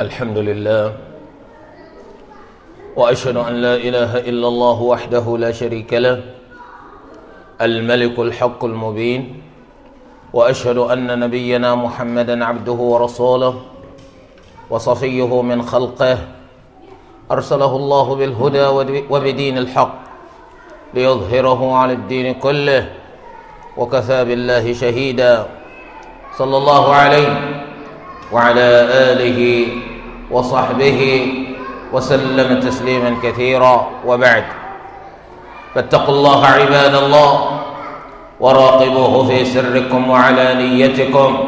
الحمد لله واشهد ان لا اله الا الله وحده لا شريك له الملك الحق المبين واشهد ان نبينا محمدا عبده ورسوله وصفيه من خلقه ارسله الله بالهدى وبدين الحق ليظهره على الدين كله وكفى بالله شهيدا صلى الله عليه وعلى اله وصحبه وسلم تسليما كثيرا وبعد فاتقوا الله عباد الله وراقبوه في سركم وعلانيتكم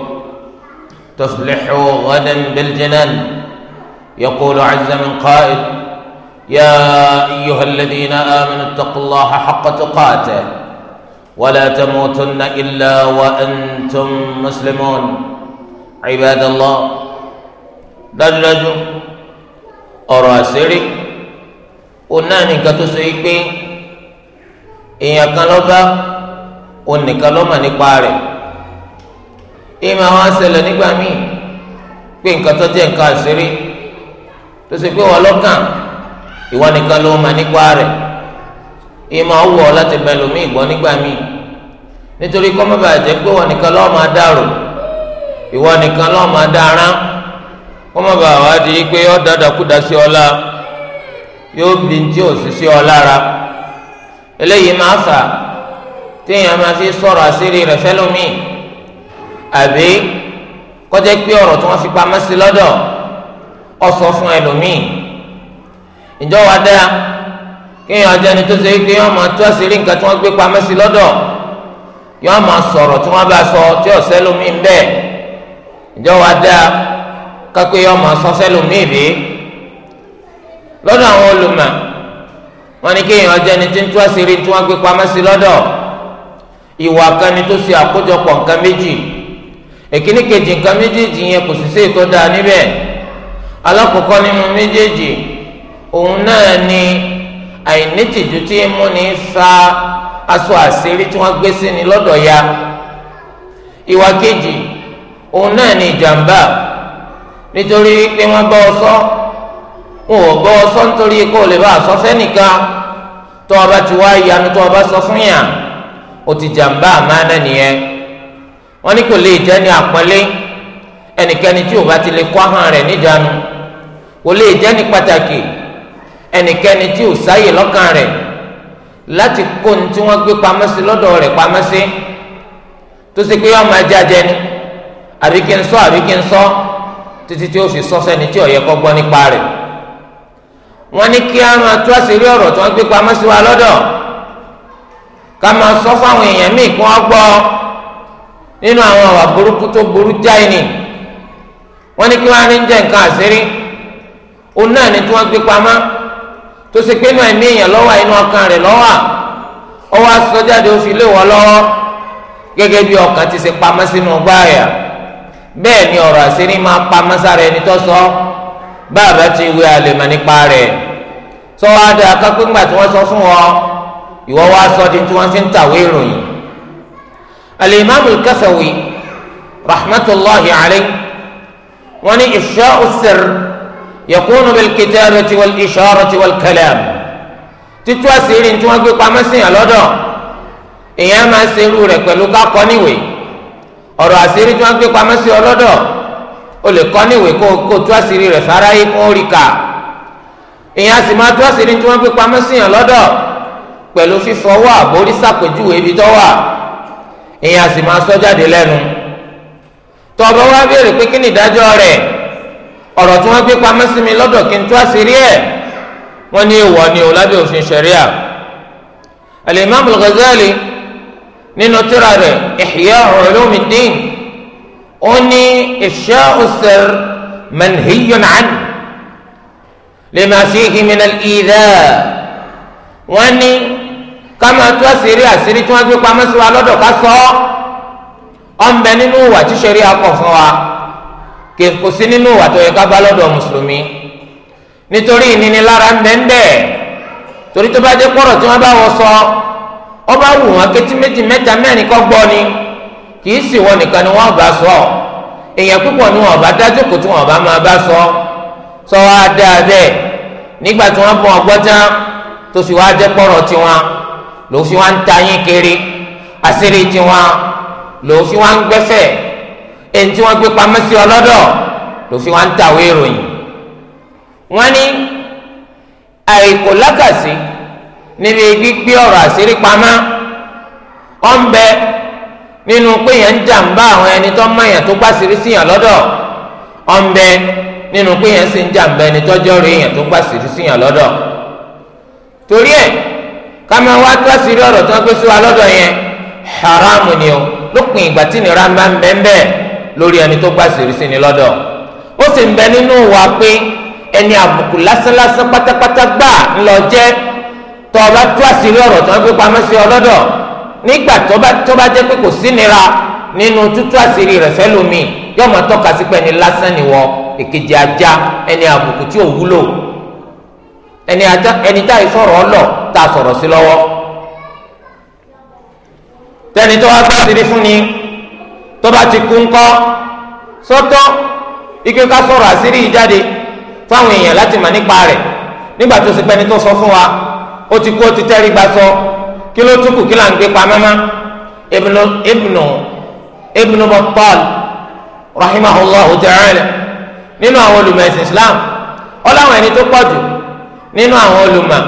تفلحوا غدا بالجنان يقول عز من قائل يا ايها الذين امنوا اتقوا الله حق تقاته ولا تموتن الا وانتم مسلمون عباد الله dájúdájú ọ̀rọ̀ àṣírí òun náà nìkan tó so yí pé èèyàn kan ló bá òun nìkan ló mọ̀ nípa rẹ̀ ìmọ̀ àwọn àṣẹlẹ̀ nígbà míì pé nǹkan tó jẹ́ nǹkan àṣírí tó ṣe pé wọ́n lọ́kàn ìwọ nìkan ló mọ̀ nípa rẹ̀ ìmọ̀ wọ̀ láti bẹ̀lùmí ìgbọ́ nígbà míì nítorí kọ́mọ́bà pé wọ́n nìkan ló máa dàrò ìwọ nìkan ló máa dàrán kọ́mọ bàa wá di pé ọ́ dàdàkúdà sí ọ la yóò bí tí ò sí sí ọ lára eléyìí máa fà téèyàn máa fi sọ̀rọ̀ àṣírí rẹ̀ fẹ́lómi àbí kọjá pé ọ̀rọ̀ tí wọ́n fi pamọ́ sí lọ́dọ̀ ọ sọ fún ẹlòmíì ìjọ wa dáa kéèyàn ọjọ́ ni tó ṣe pé yọ́n máa tú àṣírí nǹkan tí wọ́n gbé pamọ́ sí lọ́dọ̀ yọ́n máa sọ̀rọ̀ tí wọ́n bá sọ tí ọ̀sẹ́ lómi ń bẹ́ẹ̀ ìjọ wa dáa kakpe yọ ma sọsẹ lomi bi lọ́dọ̀ àwọn olùmọ̀ wọ́n ní kéèyàn jẹ́ ni tí ń tú àṣírí tí wọ́n gbé pamọ́ sí lọ́dọ̀ ìwà kan ni tó ṣe àkójọpọ̀ nǹkan méjì èkíní kejì nǹkan méjèèjì yẹn kò sì sí ètò dáa níbẹ̀ alákọ̀ọ́kọ́ nínú méjèèjì òun náà ni àìnítìjú tí ń múni sa aṣọ àṣírí tí wọ́n gbé sí ni lọ́dọ̀ ya ìwà kejì òun náà ni ìjàmbá nítorí pé wọ́n bọ́ ọ sọ wọn ò bọ́ ọ sọ nítorí kó o lè bá a fẹ́nìkan tó o bá ti wá ìyanu tó o bá sọ fún yàn o ti jàǹbá àmánà nìyẹn wọ́n ní kò lè jẹ́ ní àpọ́nlé ẹnikẹ́ni tí o bá ti lè kó ahọ́n rẹ̀ níjànú kò lè jẹ́ ní pàtàkì ẹnikẹ́ni tí o sáyè lọ́kàn rẹ̀ láti kó ní tí wọ́n gbé pamọ́ sí lọ́dọ̀ rẹ̀ pamọ́ sí tó ṣe pé ọmọ ajá jẹ ni àbí kí n sọ àbí kí n sọ. So, títí tí ó fi sọ́sẹ́ ni tí ó yẹ kó gbọ́ nípa rẹ̀ wọ́n ní kí á máa tú àṣírí ọ̀rọ̀ tí wọ́n gbé pamọ́ sí wa lọ́dọ̀ ká máa sọ fáwọn èèyàn míì kí wọ́n gbọ́ nínú àwọn àwà burúkú tó burú jáì ni wọ́n ní kí wọ́n á ní jẹ́ nǹkan àṣírí òun náà ni tí wọ́n gbé pamọ́ tó ṣe pé inú ẹ̀mí èèyàn lọ́wọ́ inú ọkàn rẹ̀ lọ́wọ́ ọwọ́ aṣọ ó fi lé wọ́ lọ́wọ́ gẹ́gẹ́ bí ọkàn ti ṣe pamọ́ sínú ọgbà àyà bẹ́ẹ̀ ni ọ̀rọ̀ àṣírí máa pa mọ́sára ẹni tó sọ bàbá ti wí àlèmọ̀ nípa rẹ̀ sọ wá dé akápé ńgbà tí wọ́n sọ fún ọ ìwọ wá sọ di tí wọ́n ti ń tàwé ìròyìn. al-Imam al-Kafawi rahmatulahi alayhi wọ́n ní ifsha'u sirr yakunu bil-kitabati wal-isharati wal-kalam títú àṣírí tí wọ́n gbé pamọ́ sí yàn lọ́dọ̀ èèyàn máa ṣerú rẹ̀ pẹ̀lú kákọ́ ọ̀rọ̀ àṣírí tí wọ́n gbé pamọ́ sí ọlọ́dọ̀ o lè kọ́ níwèé kó kó tú àṣírí rẹ̀ sáráyé kó rí kà ìyẹn a sì máa tú àṣírí tí wọ́n gbé pamọ́ sí yàn lọ́dọ̀ pẹ̀lú fífọwọ́ àbórí sàpèjúwe ibi tó wà ìyẹn a sì máa sọ jáde lẹ́nu tọ́ọ̀bọ wá béèrè pé kí ni ìdájọ́ rẹ̀ ọ̀rọ̀ tí wọ́n gbé pamọ́ sí mi lọ́dọ̀ kí n tú àṣírí ẹ̀ wọ́n ní ìwọ ni ò lábẹ́ òfin ṣẹ̀ríà Al-Imam al nínú tírà rẹ̀ Ihya Ulumuddin ó ní Ifsha'u sirr manhiyyun anhu lima fihi min al-idha' wọ́n ní ká máa tú àṣírí àṣírí tí wọ́n gbé pamọ́ sí wa lọ́dọ̀ ká sọ ọ́ ọ̀nbẹ nínú ìwà tí ṣẹ̀rí akọ̀ fún wa kò sí nínú ìwà tó yẹ ká bá lọ́dọ̀ mùsùlùmí nítorí ìnínilára ń bẹ́ẹ̀ ń bẹ́ẹ̀ torí tó bá jẹ́ pọ̀rọ̀ tí wọ́n bá wọ sọ. So, ọba wù wọn kétí méjì mẹ́ta mẹ́rin kọ́ gbọ́ ni kì í sì wọ nìkan ni wọ́n bá sọ èèyàn púpọ̀ ni wọ́n bá dájú kò tí wọ́n bá máa bá sọ sọ wá dáa bẹ́ẹ̀ nígbà tí wọ́n bọ̀ ọgbọ́n tán tó sì wá jẹ́ pọ̀rọ̀ tiwọn ló fi wá ń ta yín kiri àṣírí tiwọn ló fi wá ń gbẹ́fẹ̀ èyí tí wọ́n gbé pamọ́ sí ọlọ́dọ̀ ló fi wá ń tàwé ìròyìn wọ́n ní àìkò lákàsí níbi gbígbé ọ̀rọ̀ àṣírí pamọ́ ọ̀ ń bẹ nínú pé yẹn ń jàǹbá àwọn ẹni tó mọ èèyàn tó gbàṣírí sí yàn lọ́dọ̀ ọ̀ ń bẹ nínú pé yẹn sì ń jàǹbá ẹni tó jọ́rọ̀ èèyàn tó gbàṣírí sí yàn lọ́dọ̀ torí ẹ̀ ká máa wá tó àṣírí ọ̀rọ̀ tó gbé sí wa lọ́dọ̀ yẹn haramu ni o lópin ìgbà tí nira ń bá ń bẹ́ẹ̀ bẹ́ẹ̀ lórí ẹni tó gbàṣírí sí ni lọ́dọ̀ ó sì ń bẹ nínú wa pé ẹni àbùkù lásánlásán pátápátá gbà ńlọ jẹ́ tọ́ ọba tú àṣírí ọ̀rọ̀ tó ń fi pamọ́ sí ọlọ́dọ̀ nígbà tó bá tó bá jẹ́ pé kò sí nira nínú tútú àṣírí rẹ̀ fẹ́lómi yóò máa tọ́ka sí pé ẹni lásán ni wọ èkejì ajá ẹni àbùkù tí ò wúlò ẹni ajá ẹni tá ìsọ̀rọ̀ ọlọ̀ tá a sọ̀rọ̀ sí lọ́wọ́ tẹni tó wá gbàsírí fún ni tó bá ti kú ńkọ́ sọ́tọ̀ ike ká sọ̀rọ̀ àṣírí yìí jáde fáwọn èèyàn láti mà nípa rẹ̀ nígbà tó ṣe pẹ́ni tó sọ fún wa ó ti kú ó ti tẹ́rí gba sọ kí ló tún kù kí là ń gbé pamọ́ mọ́ ibnu ibnu ibnu Battal rahimahullahu ta'ala nínú àwọn olùmọ̀ ẹ̀sìn islam ọlọ́wọ̀n ẹni tó pọ̀jù nínú àwọn olùmọ̀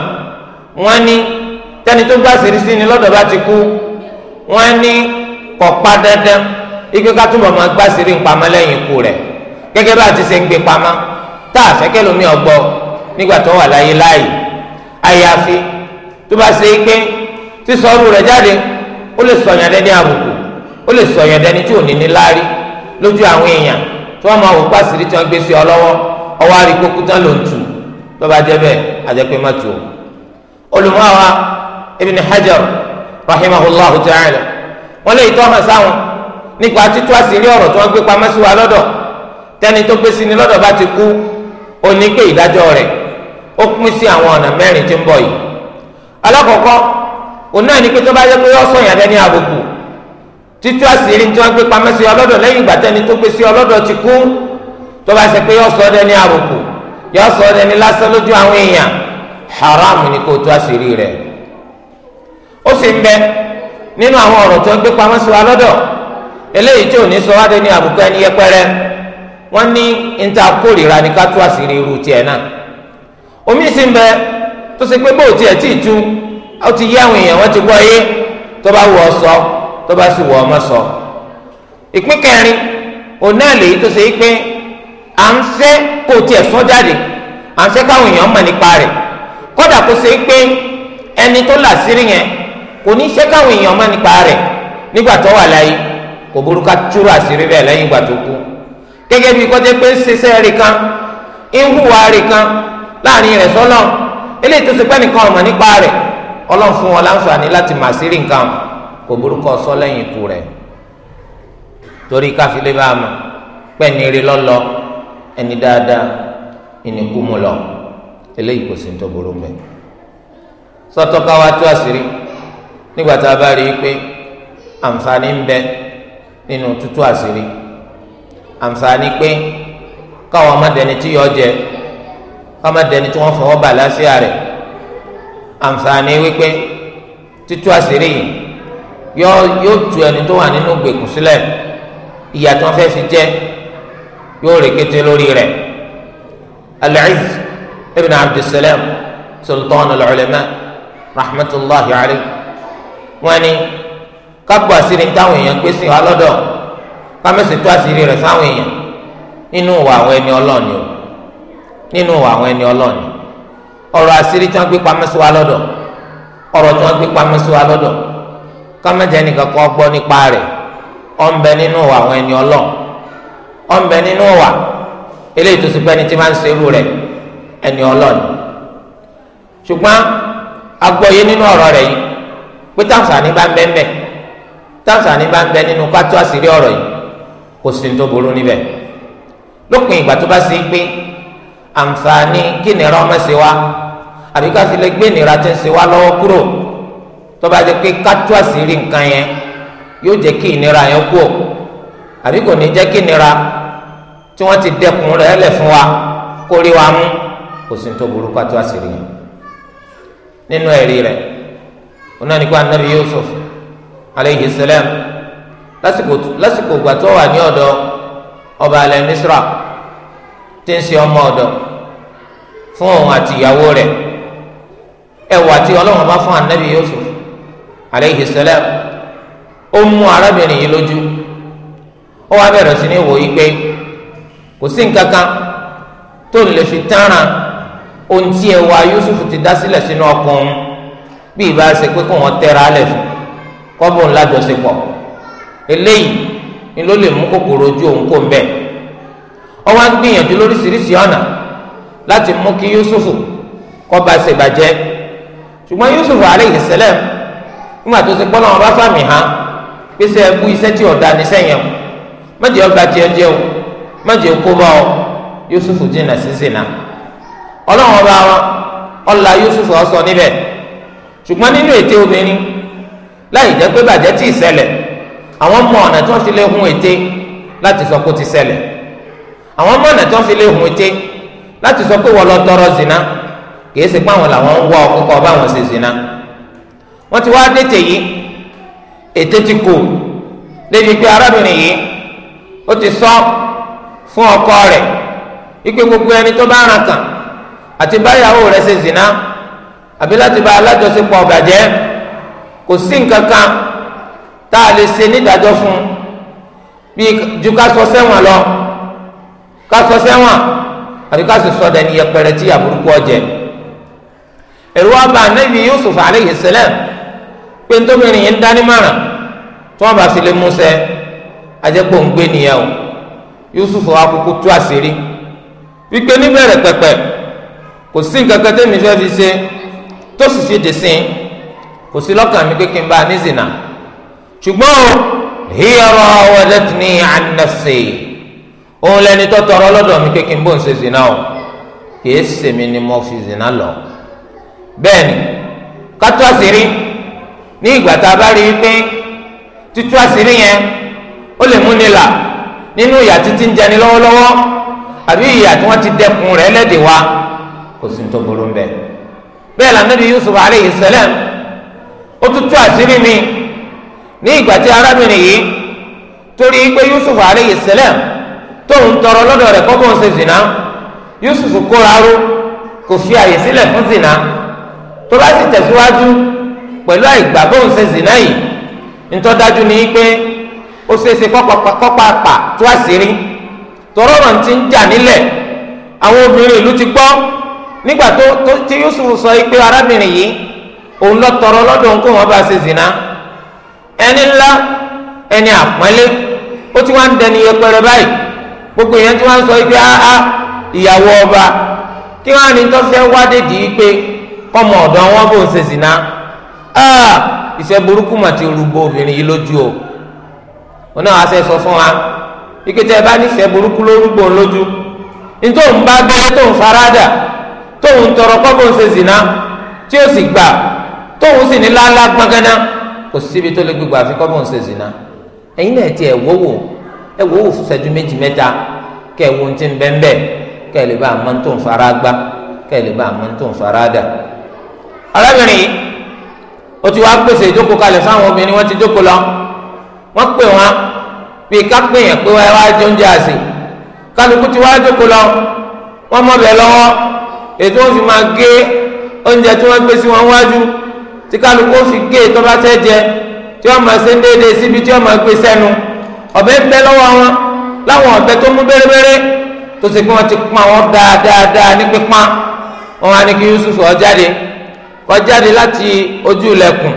wọ́n ní tẹ́ni tó gbà sírísí ni lọ́dọ̀ bá ti kú wọ́n ní kò pa dandan ike ká túbọ̀ máa gbà sírí pamọ́ lẹ́yìn ikú rẹ̀ gẹ́gẹ́ bá a ti ṣe ń gbé pamọ́ tá a fẹ́ kẹ́lómi ọgbọ́ nígbà tó wà láyé láàyè àyàfi tó bá ṣe ike sísọ ọrù rẹ jáde ó lè sọyàn dẹni àbùkù ó lè sọyàn dẹni tí ò ní ní láárí lójú àwọn èèyàn tí wọn máa wò pàṣírí tí wọn gbé sí ọ ló ń tù tó bá hajar ta'ala lè tọ́ sáwọn nípa títú àṣírí ọ̀rọ̀ tí wọ́n gbé pamọ́ sí wa lọ́dọ̀ tó ó pín sí àwọn ọ̀nà mẹ́rin tí ń bọ̀ yìí alákọ̀ọ́kọ́ òun náà ní pé tó bá yẹ pé ó sọ ìyàbẹ ní àbùkù títú àṣírí tí wọ́n gbé pamẹ́ sí ọlọ́dọ̀ lẹ́yìn ìgbà tẹ́ni tó gbé sí ọlọ́dọ̀ ti kú tó bá ṣe pé yọ sọ ọdẹ ní àbùkù yọ sọ ọdẹ ní lásán lójú àwọn èèyàn haram ni kó tú àṣírí rẹ̀ ó sì ń bẹ nínú àwọn ọ̀rọ̀ tó gbé pamọ́ sí wa eléyìí tí ò ní sọ wádé ní àbùkù ẹni yẹpẹrẹ wọ́n ní níta kórìíra ni ká tú àṣírí irú tiẹ̀ náà omi sì ń bẹ tó ṣe pé bó o tiẹ̀ tí ì tú ó ti yé àwọn èèyàn wọ́n ti gbọ́ yé tó bá wù ọ sọ tó bá sì wù ọ má sọ. ìpín kẹrin òun náà lèyí tó ṣe pé à ń fẹ́ kó o tiẹ̀ sọ jáde à ń fẹ́ káwọn èèyàn mọ̀ nípa rẹ̀ kódà kó ṣe pé ẹni tó là sírí yẹn kò ní fẹ́ káwọn èèyàn mọ̀ nípa rẹ̀ nígbà tó wà láyé kò burú ká túrò àṣírí bẹ́ẹ̀ lẹ́yìn ìgbà tó kú gẹ́gẹ́ bí kọ́jẹ́ pé ṣiṣẹ́ rẹ̀ ń hùwà rẹ̀ láàrin rẹ̀ sọ́lọ́ eléyìí tó ṣe pẹ́ nìkan ọ̀mọ̀ nípa rẹ̀ ọlọ́run fún wọn láǹfààní láti mà sí rí nǹkan kò burúkọ sọ lẹ́yìn ikú rẹ̀ torí káfílẹ́ bá a mọ̀ pẹ́ẹ́ni rí lọ́lọ́ ẹni dáadáa ìníkú mu lọ eléyìí kò sí ní tó mẹ́ sọ́tọ́ káwá tó àṣírí nígbà tá a bá rí i pé àǹfààní ń bẹ nínú tútú àṣírí àǹfààní pé káwọn ọmọdé ni tí yọ jẹ kama dẹni tí wọn fọwọ́ bà lásìá rẹ̀ àǹfààní wípé títú àṣírí yìí yóò yóò tu ẹni tó wà nínú gbèkùn sílẹ̀ ìyà tí wọn fẹ́ fi jẹ yóò rè kété lórí rẹ̀ al-Izz ibn abdulsalam sultan al rahmatulahi alayhi wọn ni kápò àṣírí táwọn èèyàn pèsè wa lọ́dọ̀ kámẹ́sì tó àṣírí rẹ̀ sáwọn èèyàn nínú ìwà àwọn ẹni ọlọ́ọ̀ni o nínú àwọn ẹni ọlọ́ọ̀ni ọ̀rọ̀ àṣírí tí wọ́n gbé pamọ́ sí wa lọ́dọ̀ ọ̀rọ̀ tí wọ́n gbé pamọ́ sí wa lọ́dọ̀ kọ́mẹ́jẹ nìkan kọ́ gbọ́ nípa rẹ̀ ọ̀nbẹ nínú wa àwọn ẹni ọlọ́ọ̀ ọ̀nbẹ nínú wa eléyìí tó ti pẹ́ ni tí máa ń serú rẹ̀ ẹni ọlọ́ọ̀ni ṣùgbọ́n agbọ́yé nínú ọ̀rọ̀ rẹ̀ yìí pé táǹsàní bá ń bẹ́ ń bẹ́ táǹsàní bá ń bẹ́ nínú kátó àṣírí ọ̀rọ̀ yìí kò sí ní tó burú níbẹ̀ lópin ìgbà tó bá sí pé àǹfààní kí nira ọmọ wa àbí ká sì nira tí ń ṣe wa lọ́wọ́ kúrò tó bá jẹ́ pé kátó àṣírí nǹkan yẹn yóò jẹ́ kí ìnira yẹn kú ò àbí kò ní kí nira tí ti dẹkùn rẹ̀ lẹ̀ wa kó rí wa mú kò sí tó burú kátó àṣírí yẹn nínú ẹ̀rí rẹ̀ anabi Yusuf aleyhi salam lásìkò lásìkò gbàtọ́ wà ní tí ń ṣe ọmọ ọ̀dọ̀ fún òun àti ìyàwó rẹ̀ ẹwà tí ọlọ́run bá fún anabi yusuf aleyhi salam ó mú arábìnrin yìí lójú ó wá bẹ̀rẹ̀ sí ní wò yí pé kò sí nǹkan kan tó lè fi tánra ohun tí ẹwà yusuf ti dá sílẹ̀ sínú ọkùnrin bí ìbá ṣe pé kó wọn tẹra alẹ̀ fún kọ́bùn lájọṣepọ̀ eléyìí ni ló lè mú kòkòrò ojú òun kò ń bẹ́ẹ̀ ọwọ́ ń gbìyànjú lóríṣiríṣi ọ̀nà láti mú kí Yusuf, kọ́ bá ṣe bàjẹ́ ṣùgbọ́n Yusufu aleyhi sẹlẹm nígbà tó ṣe gbọ́dọ̀ ọba fàmì hàn pèsè ẹbú iṣẹ́ tí ọ̀dà níṣẹ́ yẹn o mẹ́jẹ ọgbà tiẹ̀ jẹ́ o mẹ́jẹ kó bá ọ Yusufu jìnnà sísè náà ọlọ́run ọba wọn ọ̀la Yusufu ọ̀sọ̀ níbẹ̀ ṣùgbọ́n nínú ète obìnrin láì jẹ́ pé bàjẹ́ tí ì ṣẹlẹ̀ àwọn mọ ọ̀nà tí wọ́n fi lé hun ète láti sọ kó ti ṣẹlẹ̀ àwọn mọ̀nà tó ń fi lé hun etí láti sọ pé wọ́n lọ tọrọ zina kìí ṣe pé àwọn làwọn ń wọ ọkọ bá wọn ṣe zina wọ́n ti wá dètè yìí ètè ti kù débi pé arábìnrin yìí ó ti sọ fún ọkọ rẹ̀ ikpe gbogbo ẹni tó bá ràn kàn àti báyàwó rẹ̀ ṣe zina àbí láti bá alájọṣepọ̀ ọ̀bàjẹ́ kò sí nǹkan kan tá a lè ṣe nídàájọ́ fún bí ju ká sọ sẹ́wọ̀n lọ ká sọ sẹ́wọ̀n àbí ká sì sọ dẹni yẹpẹrẹ tí àbúrúkú ọjẹ ẹ̀rù wa bá anabi yusuf aleyhi salam pé ntòmìnrin yìí ń dání márùn tí wọ́n bá fi lè músẹ ajẹ́pọ̀ ń gbé nìyẹn o yusuf wa kúkú tú àṣírí wípé níbẹ̀rẹ̀ pẹ̀pẹ̀ kò sí nǹkan kan tẹ́mi fẹ́ fi ṣe tó sì ṣe dè sin kò sí lọ́kàn mi pé bá a ní zina ṣùgbọ́n hiya rawadatni an nafsi òun lẹni tó tọrọ lọ́dọ̀ mi kékin bó ń ṣe zina o kìí sèmi ni mo fi zina lọ bẹ́ẹ̀ni kátó àṣírí ní ìgbà tá a bá rí i pé títú àṣírí yẹn ó lè múni là nínú ìyà títí ń jẹni lọ́wọ́lọ́wọ́ àbí ìyà tí wọ́n ti dẹkùn rẹ̀ lẹ́dẹ̀ wa kò sí tó burú bẹ́ẹ̀ bẹ́ẹ̀ lànàbí Yusuf aleyhi sẹlẹm ó tún àṣírí mi ní ìgbà tí arábìnrin yìí torí pé Yusuf aleyhi sẹlẹm tóun tọrọ lọ́dọ̀ rẹ̀ kọ́ bóun ṣe zina Yusuf kóra ró kò fi àyè sílẹ̀ fún zina tó bá sì tẹ̀síwájú pẹ̀lú àìgbà bóun ṣe zina yìí ntọ́dájú ni pé ó ṣeéṣe kọ́pàpà tó àṣírí tọrọ ọ̀rọ̀ ti ń jà nílẹ̀ àwọn obìnrin ìlú ti gbọ́ nígbà tó tí Yusuf sọ pé arábìnrin yìí òun lọ tọrọ lọ́dọ̀ òun kó wọn bá ṣe zina ẹni ńlá ẹni àpọ́nlé ó ti wá ń dẹni yẹpẹrẹ báyìí. gbogbo èèyàn tí wọ́n sọ pé áá ah, ah, ìyàwó ọba kí wọ́n ní wádé dì í pé kọmọ ọ̀dọ́ wọn bò ń ṣe sìná áá ah, ti rúgbó obìnrin yìí o wọn náà wá sẹ́ sọ fún wa bá burúkú ló rúgbó lójú nítorí òun bá tọrọ ń tí ó sì gbà sì ní lálá gbọ́ngànná kò síbi tó lè gbégbá ẹ wò ó ṣẹ́jú méjì mẹ́ta kẹ́ ẹ wo ohun tí ń bẹ́ẹ̀ bẹ́ẹ̀ kẹ́ ẹ lè bá àmọ́ tó ń fara gbá kẹ́ ẹ lè bá àmọ́ tó ń dà. arábìnrin o ti wá pèsè ìjókòó kalẹ̀ fáwọn obìnrin wọ́n ti jókòó lọ wọ́n pè wọ́n bí ká pè yàn pé wọ́n wá jẹ oúnjẹ àsè kálukú ti wá jókòó lọ wọ́n mọ̀ bẹ́ẹ̀ lọ́wọ́ ètò wọn fi máa gé oúnjẹ tí wọ́n gbé sí wọn wájú tí kálukú fi gé ìtọ́ bá tẹ́ jẹ tí wọ́n máa ṣe déédéé síbi tí wọ́n máa gbé sẹ́nu ọ̀bẹ ń bẹ lọ́wọ́ wọn láwọn ọ̀bẹ tó mú bẹ́rẹ́bẹ́rẹ́ tó ṣe pé wọ́n ti pọ́n àwọn dáadáa ní pípọ́n wọn wá ní kí Yusuf ó jáde kó jáde láti ojú ilẹ̀kùn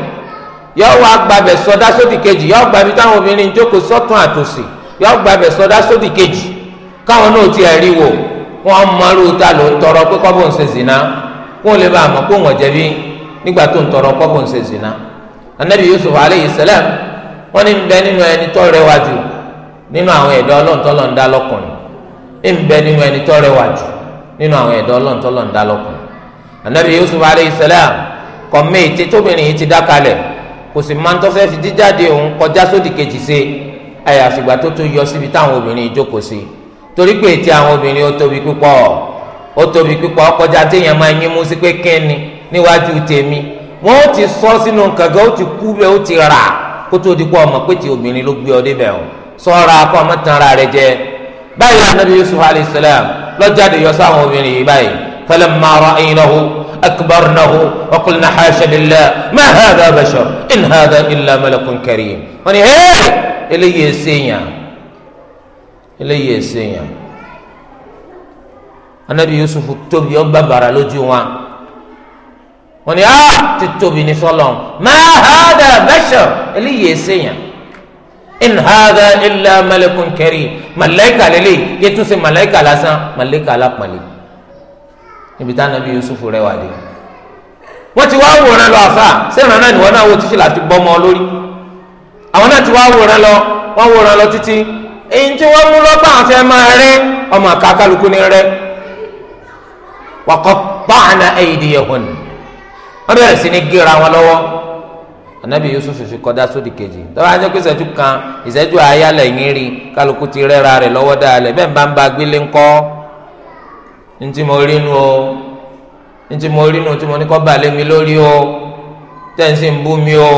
yọ wá gbàbẹ̀ sọdá sódì kejì yọ gbàbí táwọn obìnrin jókòó sọ́tún àtòsì yọ gbàbẹ̀ sọdá sódì kejì káwọn náà ti ẹ̀rí wò wọn mọ̀rú ta ló ń tọrọ pé kọ́bọ̀ ń ṣe zina kó lè bá a mọ̀ kó wọ́n jẹ̀bi nígbà tó ń tọrọ kọ́bọ̀ ń ṣe zina anabi Yusuf alayhi salam wọ́n ní bẹ nínú ẹni tó rẹwà jù nínú àwọn ẹ̀dá ọlọ́ntọ́lọ́ ń dá lọ́kùnrin ń bẹ nínú ẹni tó rẹwà jù nínú àwọn ẹ̀dá ọlọ́ntọ́lọ́ ń dá lọ́kùnrin anabi yusuf alayhi salam kọ̀mí ètè tóbìnrin yìí ti dá kalẹ̀ kò sì máa ń tọ́ fẹ́ẹ́ fi jíjáde òun kọjá sódì kejì sí àyàfìgbà tó tó yọ síbi táwọn obìnrin ìjókòó sí torí pé ètè àwọn obìnrin ó tóbi púpọ̀ ó tóbi púpọ̀ kọjá téèyàn máa yín mú sí pé kíni níwájú tèmi wọ́n ti sọ sínú kànga ó ti kú bẹ́ẹ̀ ó ti rà á kó tó di kó ọmọ pé ti obìnrin ló gbé ọ débẹ̀ o sọ́ra kó ọmọ tan ara rẹ jẹ báyìí anabi yusuf alayhi salam lọ́jáde yọ sáwọn obìnrin yìí báyìí falamma ra'aynahu akbarnahu wa qulna hasha lillah ma hadha bashar in hadha illa malakun karim wọ́n ní hẹ́ẹ́ eléyìí èsèèyàn eléyìí èsèèyàn anabi yusuf tóbi ọ bàbàrà lójú wọn wọ́n ní á ah, ti tóbi ní sọ́lọ́n máa hàdà bashar eléyìí èsèyàn in hàdà illa malakun karim màláìkà lélẹ̀ yẹ tún sí màláìkà lásán màláìkà alápàlẹ̀ níbi tá nàbí Yusuf rẹ wà dé wọ́n ti wá wòran lọ àfà sẹ́ran náà nìwọ́n náà wò títí láti bọ́ ọmọ lórí àwọn náà ti wá wòran lọ wọ́n wòran lọ títí èyí tí wọ́n mú lọ́pọ̀ àwọn fẹ́ máa rẹ́ ọmọ àkàkálukú ní rẹ́ wàkọ́ báàna ẹ̀yìn ìdíyẹ̀ hàn ní wọ́n bẹ̀rẹ̀ sí ní gíra wọn lọ́wọ́ anabi yusuf fi kọjá sódì kejì tọ́wọ́ ajẹ́ pé ìṣẹ́jú kan ìṣẹ́jú àáyá lẹ́yìn rí kálukú ti rẹ́ra rẹ̀ lọ́wọ́ dáalẹ̀ bẹ́ẹ̀ bá ń ba gbélé ńkọ́ ntí mo rí nu o ntí mo rí nu tí mo ní kọ́ balẹ̀ mi lórí o tẹ́ǹsì ń bú mi o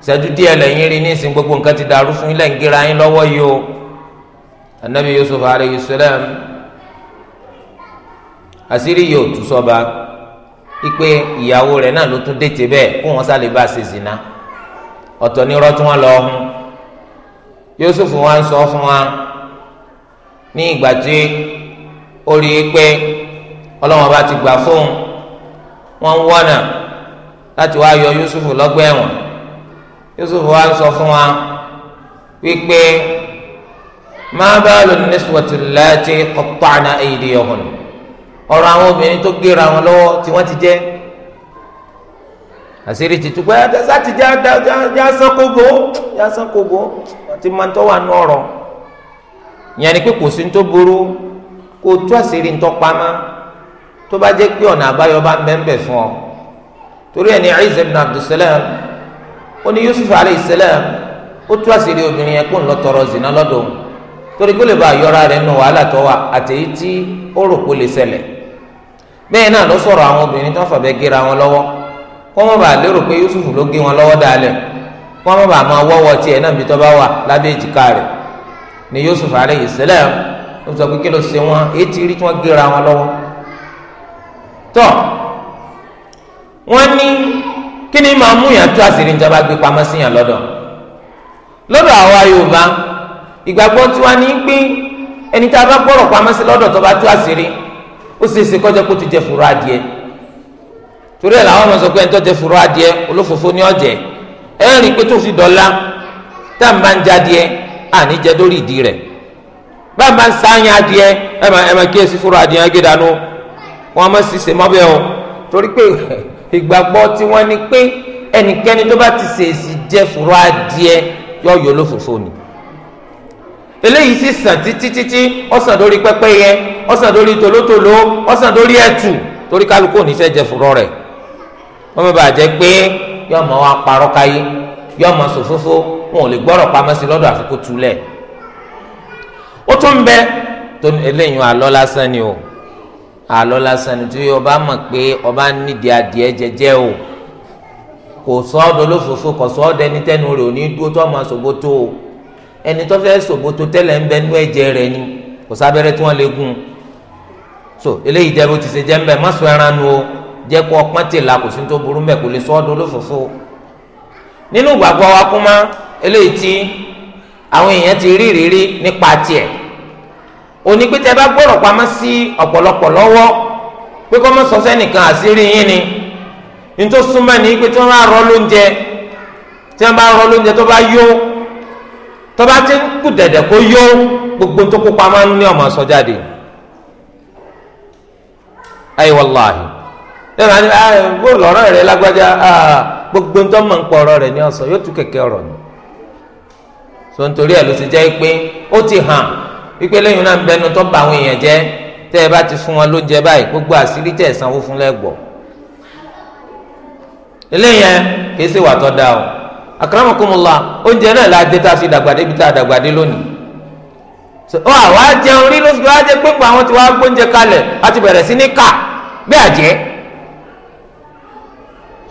ìṣẹ́jú díẹ̀ lẹ́yìn rí ní ìsìn gbogbo nǹkan ti dàrú fún ilẹ̀ ń gíra yín lọ́wọ́ yìí o anabi yusuf alayhi salam àṣírí yóò tú sọ́ba. So ipe ìyàwó rẹ̀ náà ló tún dètè bẹ́ẹ̀ kó wọn sálẹ bá ṣe zina ọ̀tọ̀ ní rọtún wọn lọ hun Yusuf wa ń sọ fún wa ní ìgbà tí ó rí i pé ọlọ́wọ́n bá ti gbà fóun wọ́n ń láti wá yọ Yusuf lọ́gbà ẹ̀wọ̀n Yusuf wa sọ fún wa wípé ma balu niswati allati qatta'na aydiyahun. ọrọ àwọn obìnrin tó gbéra wọn lọ́wọ́ tí wọ́n ti jẹ́ àṣírí ti pé ẹ̀dẹ́sá ti já ti máa ń tọ́wọ́ àánú ọ̀rọ̀ ni pé kò sí ní tó burú kó o àṣírí ń tọ́ pamọ́ tó bá pé ọ̀nà àbáyọ bá ń bẹ́ ń ọ torí ẹni Yusuf alayhi salam ó àṣírí obìnrin yẹn tọrọ zina lọ́dọ̀ torí kó lè bá yọra rẹ̀ nù wàhálà tó bẹ́ẹ̀ náà ló sọ̀rọ̀ àwọn obìnrin tó fàbẹ́ gé ra wọn lọ́wọ́ kó má bàa lérò pé Yusuf ló gé wọn lọ́wọ́ dálẹ̀ kó má bàa máa wọ́wọ́ tiẹ̀ náà bí tó bá wà lábẹ́ èjìká rẹ̀ ni Yusuf alayhi salam ó sọ pé kí ló ṣe wọn etí rí tí wọ́n gé ra wọn lọ́wọ́ tọ́ wọ́n ní kí ni màá mú yàn tó àṣírí níjọba gbé pamọ́ sí yàn lọ́dọ̀ lọ́dọ̀ àwa Yorùbá ìgbàgbọ́ tiwa ní pé ó sì ṣe kọjá kó ti jẹ fùrọ̀ adìẹ torí ẹ̀ làwọn ọmọ sọ pé ẹni tó jẹ fùrọ̀ adìẹ olófòfó ni ọ̀jẹ̀ ẹ rí i pé tó fi dọ̀la tá à ń bá ń jadìẹ àní jẹ lórí ìdí rẹ̀ bá a máa ń sáyàn adìẹ ẹ máa ẹ máa kí èsì fúnra adìẹ gé dànù wọn máa sì ṣe mọ́bẹ̀ o torí pé ìgbàgbọ́ tí wọ́n ní pé ẹnikẹ́ni tó bá ti ṣèṣì jẹ fúnra adìẹ yọ yọ lófòfò ni eléyìí sì sàn títí títí ọ̀sán lórí pẹ́pẹ́yẹ ọ̀sán lórí tòlótòló ọ̀sán lórí ẹ̀tù torí kálukú oníṣẹ́ jẹ fúrọ́ rẹ̀ wọ́n mọ̀ bàjẹ́ pé yóò mọ̀ wọn parọ́ káyé yóò mọ̀ sòfófó wọn ò lè gbọ́rọ̀ pamọ́ sí lọ́dọ̀ àfikún túlẹ̀ ó tún bẹ tó eléyìí àlọ́ lásán ni o àlọ́ lásán ni tí ọba mọ̀ pé ọba nídìí adìẹ jẹjẹ o kò sọ́ọ́dọ̀ lófòófó kò sọ́ọ́dọ̀ ẹni tẹ́nu rẹ̀ ò ní dúró tó ọmọ àṣògbó tó o ẹni tó fẹ́ sògbótó tẹ́lẹ̀ ń bẹ nú ẹ̀jẹ̀ rẹ̀ ni kò sábẹ́rẹ́ tí wọ́n lè gún so eléyìí jẹ́ bó ti ṣe jẹ́ ń bẹ̀ má sọ ẹran nu o jẹ́ kó ọpọ́n tè la kò sí tó burú mẹ́ kò lè sọ ọdún olófòfò nínú ìgbàgbọ́ wa kú mọ́ eléyìí tí àwọn èèyàn ti rí ìrírí nípa tiẹ̀ òní pé tẹ́ bá gbọ́rọ̀ pamọ́ sí ọ̀pọ̀lọpọ̀ lọ́wọ́ pé kọ́ mọ́ sọ sẹ́nìkan àṣírí yín ni nítorí súnmọ́ ni pé tí wọ́n bá rọ́ lóúnjẹ tí wọ́n bá rọ́ lóúnjẹ tó bá yó tọ́ba ti ń kú dẹ̀dẹ̀ kó yó gbogbo tó kópa máa ń ní ọmọ sọ jáde ayé wàláhi lẹ́nu àti ẹ ah, bó lọ́rọ̀ rẹ lágbájá ah, gbogbo tó mọ̀ ń pọ̀ ọ̀rọ̀ rẹ ní ọ̀sán yóò tú kẹ̀kẹ́ ọ̀rọ̀ ni so nítorí ẹ̀ ló ti jẹ́ pé ó ti hàn wípé lẹ́yìn náà ń bẹnu tó ba àwọn èèyàn jẹ́ tẹ́ ẹ bá ti fún wọn lóúnjẹ báyìí gbogbo àṣírí tẹ̀ sanwó fún lẹ́gbọ̀ọ́ eléyẹn kì í ṣèwà tó dáa o akramakumullah oúnjẹ náà la dé tá a fi dàgbàdé bí tá a dàgbàdé lónìí ó àwa jẹun rí lóṣù wa jẹ pépà àwọn tí wàá gbóúnjẹ kalẹ̀ a ti bẹ̀rẹ̀ sí ní kà bí àjẹ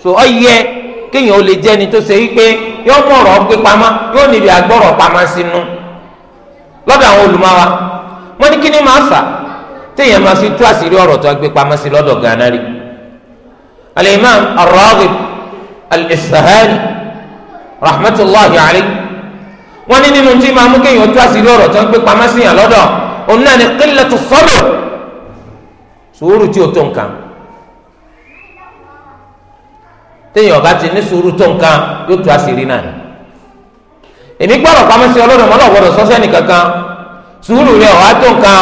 so ọ yẹ kéèyàn ó lè jẹ́ ni tó ṣe wípé yóò mọ̀rọ̀ gbé pamọ́ yóò níbi àgbọ̀rọ̀ pamọ́ sínú lọ́dọ̀ àwọn olùmọ̀wá wọ́n ní kí ni máa fà téèyàn máa fi tú àṣírí ọ̀rọ̀ tó gbé pamọ́ sí lọ́dọ̀ gánà rí Al-Imam rahmatulahi alayhi wọn ní nínú tí máa mú kéèyàn tó àṣírí ọ̀rọ̀ tó ń gbé pamọ́ sí yàn lọ́dọ̀ òun náà ní qillatu sabr sùúrù tí o tó nǹkan téèyàn bá ti ní sùúrù tó nǹkan yóò tó àṣírí náà èmi gbọ́dọ̀ pamọ́ sí ọlọ́dọ̀ mọ́ lọ́wọ́dọ̀ sọ́sẹ́ nìkankan sùúrù rẹ̀ ọ̀há tó nǹkan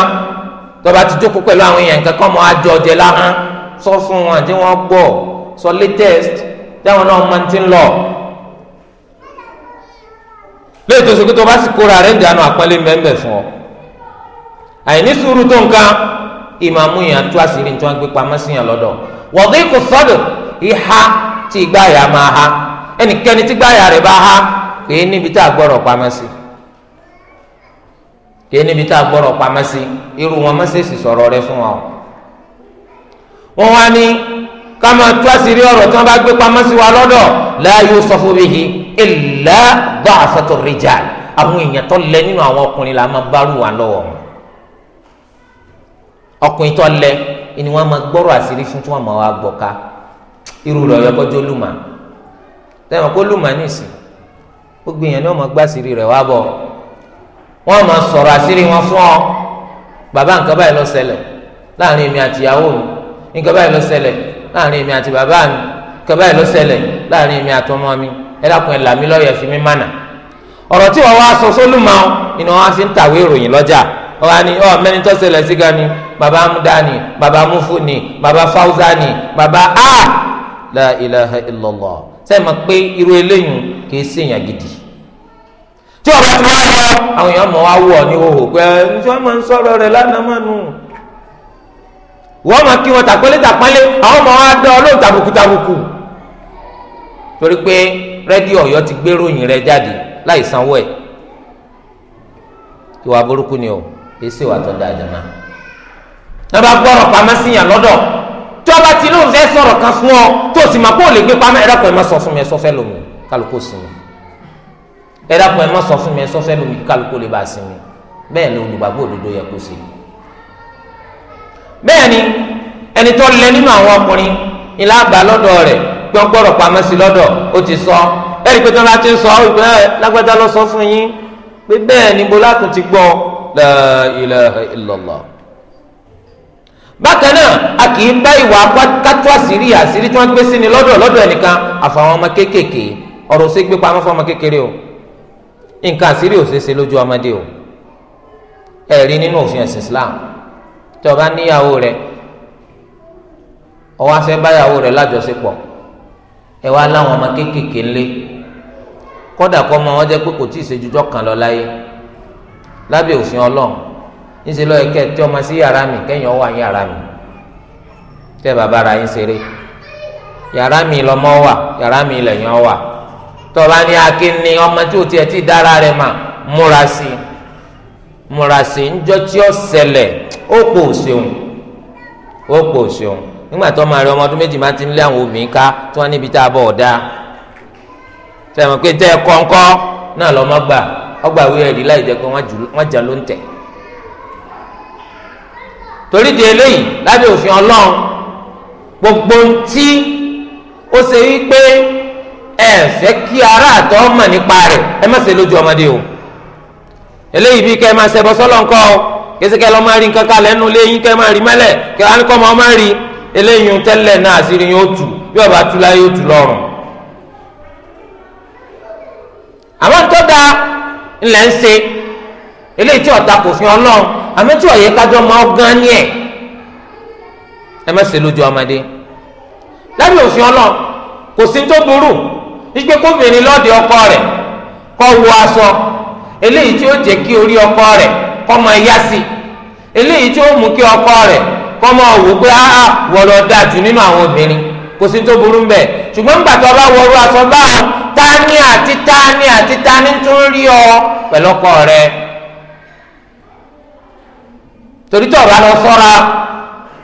tọba ti jókòó pẹ̀lú àwọn èèyàn kankan mọ́ àjọ ọ̀jẹ̀ láhán sọ fún wọn àti wọn gbọ́ sọ latest táwọn náà máa ti ń lọ lóye tó sèkútó bá sì kóra rẹ̀ ń dànù àpọ́nlé mbẹ́mbẹ́ fún ọ. àìní sùúrù tó nǹkan ìmàmú yẹn tó àṣírí tí wọ́n gbé pamọ́ sí yẹn lọ́dọ̀ wọ́dí kò sọ́dọ̀ ìhà tí ìgbáyà máa ha ẹnikẹ́ni tí gbáyà rẹ̀ bá ha kì í níbi tá a gbọ́rọ̀ pamọ́ sí kì í níbi tá a gbọ́rọ̀ pamọ́ sí irú wọn mọ́sẹ̀sì sọ̀rọ̀ rẹ̀ fún wa o. wọ́n wá ní Kama máa tú àṣírí ọ̀rọ̀ tí wọ́n bá gbé pamọ́ sí wa lọ́dọ̀ la yusafu bihi illa dha'fatu rijal àwọn èèyàn tó lẹ nínú àwọn ọkùnrin là máa bá rù wá lọ́wọ́ ọkùnrin tó lẹ ni wọ́n máa gbọ́rọ̀ àṣírí fún tí wọ́n máa wá gbọ́ ká irú rẹ̀ ọ̀yọ́ kọjọ́ lùmà tẹ́wọ̀n kó lùmà nìsín gbogbo èèyàn náà máa gbá àṣírí rẹ̀ wá bọ̀ wọ́n máa sọ̀rọ̀ àṣírí wọn fún ọ bàbá nǹkan báyìí ló ṣẹlẹ̀ láàrin èmi àtìyàwó mi nǹkan báyìí ló ṣẹlẹ̀ láàrin èmi àti bàbá mi kẹbẹ́ ẹ̀ ló ṣẹlẹ̀ láàrin èmi àti ọmọ mi ẹ dákun ẹ̀ là mí lọ́yẹ̀ fi mí mànà ọ̀rọ̀ tí wọ́n wá sọ sólùmọ́ ìnáwó wọn fi ń tàwé ìròyìn lọ́jà wọ́n ní ọ mẹ́ni tó ṣẹlẹ̀ sí gani baba amudani ni bàbá baba fauzani baba a la ilaha illallah sẹ́yìn mọ̀ pé irú eléyìí kì í gidi tí ti wá lọ àwọn èèyàn mọ̀ wá wọ̀ ní hòhò pé ń wọ́n máa kí wọn tàpọ́nlé tàpọ́nlé àwọn ọmọ wa dán ọlọ́run tàbùkù tàbùkù torí pé rédíò ọ̀yọ́ ti gbé ròyìn rẹ jáde láì sanwó ẹ̀ ìwà burúkú ni o èsì wà tó dáa jẹ̀má. wọ́n bá gbọ́rọ̀ pamọ́ sí yàn lọ́dọ̀ tí ọba tí lóun fẹ́ sọ̀rọ̀ kan fún ọ tó sì máa kó o lè gbé pamọ́ ẹ̀rọ pẹ̀lú sọ fún mi ẹ̀sọ́ fẹ́ lomi kálukú sinmi ẹ̀rọ pẹ̀lú sọ fún mi ẹ̀sọ́ fẹ́ lomi kálukú lè bá sinmi bẹ́ẹ̀ ni olùgbàgbọ́ òdodo yẹ kó sinmi bẹ́ẹ̀ ni ẹni tó lẹ nínú àwọn ọkùnrin ilé àgbà lọ́dọ̀ rẹ̀ pé wọ́n gbọ́dọ̀ pamọ́ sí lọ́dọ̀ ó ti sọ ẹ̀rí pé tí wọ́n bá ti ń sọ ìpè lágbájá lọ sọ fún yín pé bẹ́ẹ̀ ni bọ́lá tún ti gbọ́ la ilaha illallah bákan náà a kì í bá ìwà kátó àṣírí àṣírí tí wọ́n gbé sí ni lọ́dọ̀ lọ́dọ̀ ẹnìkan àfàwọn ọmọ kéékèèké ọ̀rọ̀ ṣe gbé pamọ́ fún ọmọ kékeré o nǹkan àṣírí ò ṣeé ṣe lójú ọmọdé o ẹ̀rí nínú òfin ẹ̀sìn Islam tọba níyàwó rẹ ọwọ́ afẹ́ báyàwó rẹ lájọṣepọ̀ ẹ wá láwọn ọmọ kéékèèké ńlẹ̀ ọmọ wọn jẹ pé kò tí ì ṣèjújọ́ kan lọ láyé lábẹ́ òfin ọlọ́run tí ọmọ sí yàrá mi yàrá mi bàbá yín ṣeré yàrá mi lọmọ wà yàrá mi ọwà ní akínní ọmọ tí ti dára mà múra sí múrasì ńjọ tí ó sẹlẹ̀ ó pò ṣeun ó pò ṣeun nígbà tó máa rí ọmọ méjì máa ti ń lé àwọn ká tí wọ́n níbi tá a bọ̀ ọ̀dá pé tẹ́ ẹ kọ́ńkọ́ náà lọ́mọ gbà ọgbà wíwá ẹ̀rí láì jẹ́ pé wọ́n jà torí di eléyìí lábẹ́ òfin ọlọ́run gbogbo tí ó ṣe wípé fẹ́ kí aráàtọ̀ mọ̀ nípa rẹ̀ ẹ má lójú ọmọdé o. eléyìí bí kẹ́ ẹ máa ṣẹbọ sọ́lọ̀ ńkọ́ o kẹsíkẹ́ lọ́ máa rí nǹkan kalẹ̀ nínú ilé yín kẹ́ ẹ máa rí mẹ́lẹ̀ kẹ́ ẹ kọ́ máa máa rí eléyìí tẹ́lẹ̀ náà àṣírí yóò tù bí ọba tú láyé yóò tù lọ́rùn. àwọn tó da ńlẹ̀ ń ṣe eléyìí tí ọ̀tá kò fi ọlọ́run àmọ́ tí ọ̀yẹ́ kájọ́ máa gán ní ẹ̀ ẹ má ṣe lójú ọmọdé lábẹ́ òfin ọlọ́run kò sí tó burú wípé kóbìnrin lọ́ọ̀dẹ ọkọ rẹ̀ kọ́ wọ aṣọ eléyìí tí ó jẹ́ kí orí ọkọ rẹ̀ kó máa yá sí eléyìí tí ó mú kí ọkọ rẹ̀ kó máa wò pé áá wọ̀lọ̀ dáa jù nínú àwọn obìnrin kò sí tó burú mbẹ ṣùgbọ́n nígbà tó bá aṣọ báwọn tání àti tání àti tání tó ń rí ọ pẹ̀lú ọkọ rẹ̀ torí lọ sọ́ra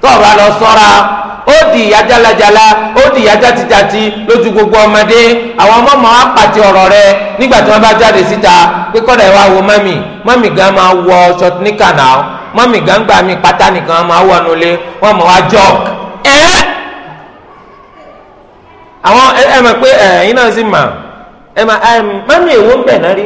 tó o bá lọ sọ́ra ó di ìyá jalajala ó di ìyá jatijati lójú gbogbo ọmọdé àwọn ọmọ ọmọ apàti ọ̀rọ̀ rẹ nígbà tí wọ́n bá jáde síta pé kọ́dà ẹ wá wo mọ́mì mọ́mì gan máa wọ ṣọ́ọ̀tì níkà náà mọ́mì gan gbà mí pátá nìkan máa wọ nulẹ̀ wọ́n mọ̀ wá jọ́ọ̀kì ẹ̀ẹ́ àwọn ẹ ẹ mọ̀ pé ẹ̀yin náà sì mà ẹ mọ̀ mọ́mì èwo ń bẹ̀ náà rí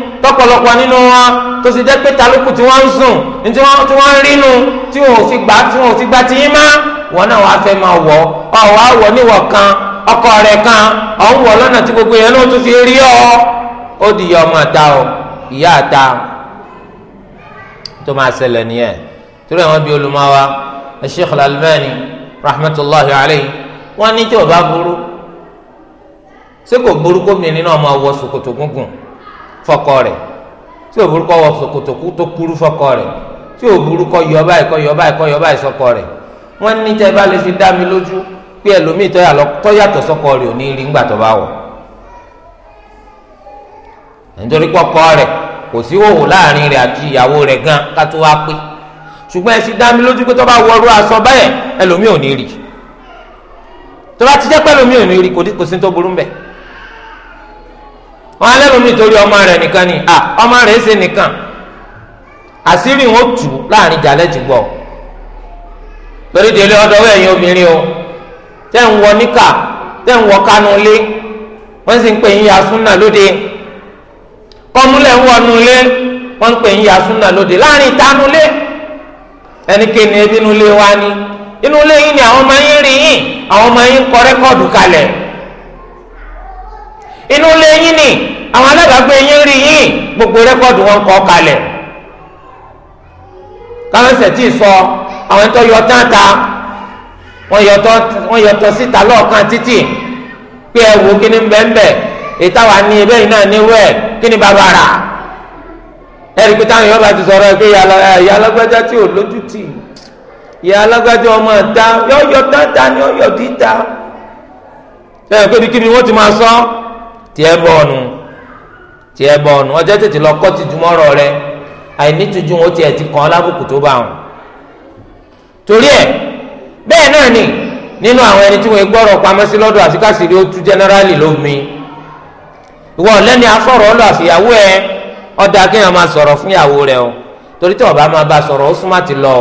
tọ̀pọ̀lọpọ̀ nínú wọn tó sì jẹ́ pé talókù tí wọ́n ń sùn tí wọ́n tí wọ́n ń rínú tí wọn ò sì gbà tí wọn ò sì gbà tí yín má wọn náà wàá fẹ́ máa wọ̀ ọ wàá wọ̀ kan ọkọ rẹ̀ kan ọ̀ ń wọ̀ tí gbogbo yẹn náà tún fi rí ọ ó di ìyá ọmọ àta ọ ìyá àta tó máa ṣẹlẹ̀ nìyẹn torí àwọn bíi olùmọ̀wá Sheikh al rahmatulahi alayhi wọn ní tí ò bá burú ṣé kò burú kó mi nínú ọmọ wọ ṣòkòtò gúngùn fọkọ rẹ̀ tí o burúkọ wọ ṣòkòtò tó kúrú fọkọ rẹ̀ tí o burúkọ yọ báyìí kọ yọ báyìí kọ yọ báyìí sọkọ rẹ̀ wọn ní tẹ bá lè fi dá mi lójú pé ẹlòmíì tọ́yàtọ̀ sọkọ rẹ̀ ò ní rí ńgbà tó bá wọ̀ nítorí pọkọ rẹ̀ kò sí òwò láàrin rẹ̀ àti ìyàwó rẹ̀ gan ká tó wá pé ṣùgbọ́n ẹ fi dá mi lójú pé tó wọrú aṣọ bẹ́ẹ̀ ẹlòmíì ò ní rí tó ti jẹ́ pé ò ní rí kò sí tó burú mbẹ́ẹ̀ wọn alẹ́ lómi torí ọmọ nìkan ni à ọmọ rẹ̀ ṣe nìkan àṣírí wọn tù láàrin ti torí délé obìnrin o tẹ́ ń wọ níkà tẹ́ ń wọ kánú lé sì ń pè yín yasúnà lóde ń wọnú lé ń pè yín yasúnà lóde láàrin ìtanú lé ẹnikẹ́ni lé wa ni inú lé yín ni àwọn ọmọ yín rí yín àwọn ọmọ yín kọ rẹ́kọ̀dù kalẹ̀. inú ilé yín ni àwọn alábàágbé yín rí yín gbogbo rẹ́kọ̀dù wọn kọ́ kalẹ̀ káwọ́nsẹ̀ tí sọ àwọn yọ táǹtà wọ́n yọ síta lọ́ọ̀kan títì pé ẹ wo kí bẹ́ẹ̀nbẹ́ ìtawà ni ebe yìí náà níwọ̀ ẹ̀ ni bàbá rà ẹ̀rí pé táwọn ti sọ̀rọ̀ pé ìyá alágbájá tí ò lójú tì ìyá alágbájá ọmọ ẹ̀ta yọ táǹtà ni yọ tiẹ̀ bọ́ọ̀nù tiẹ̀ bọ́ọ̀nù ọjọ́ tètè lọ kọ́ ti jùmọ̀rọ̀ rẹ àìnítújú wọn tiẹ̀ ti kàn án lábùkù tó bá wọn. torí ẹ bẹ́ẹ̀ náà ni nínú àwọn ẹni tí wọ́n gbọ́rọ̀ pamọ́ sí lọ́dọ̀ àti káṣíìrí ó tú jẹ́nẹ́rálì lómi ìwọ lẹ́ni afọ́rọ̀ ọlọ́ àfìyàwó ẹ ọ̀dà kí wọ́n máa sọ̀rọ̀ fún ìyàwó rẹ o torí tí ọba máa bá sọ̀rọ̀ ó súnmọ́ àti lọ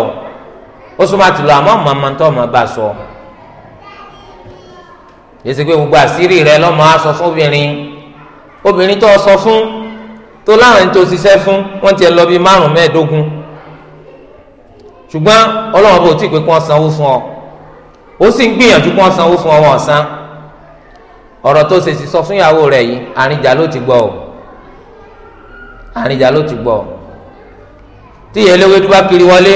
ó súnmọ́ àti lọ àmọ́ màmá tó máa bá sọ̀rọ̀ èsì pé gbogbo àṣírí rẹ lọ́mọ aṣọ fóbìnrin obìnrin tó sọ fún tó láwọn tó ṣiṣẹ́ fún wọ́n ti lọ bí márùn mẹ́ẹ̀ẹ́dógún ṣùgbọ́n ọlọ́run bò tí ì pé kí wọ́n sanwó fún ọ ó sì ń gbìyànjú kí wọ́n sanwó fún ọ wọn ọ̀rọ̀ tó ṣèṣì sọ fún ìyàwó rẹ̀ yìí àríjà ló ti gbọ́ ọ àríjà ló ti gbọ́ ọ tí ìyẹn léwé dúbá kiri wọlé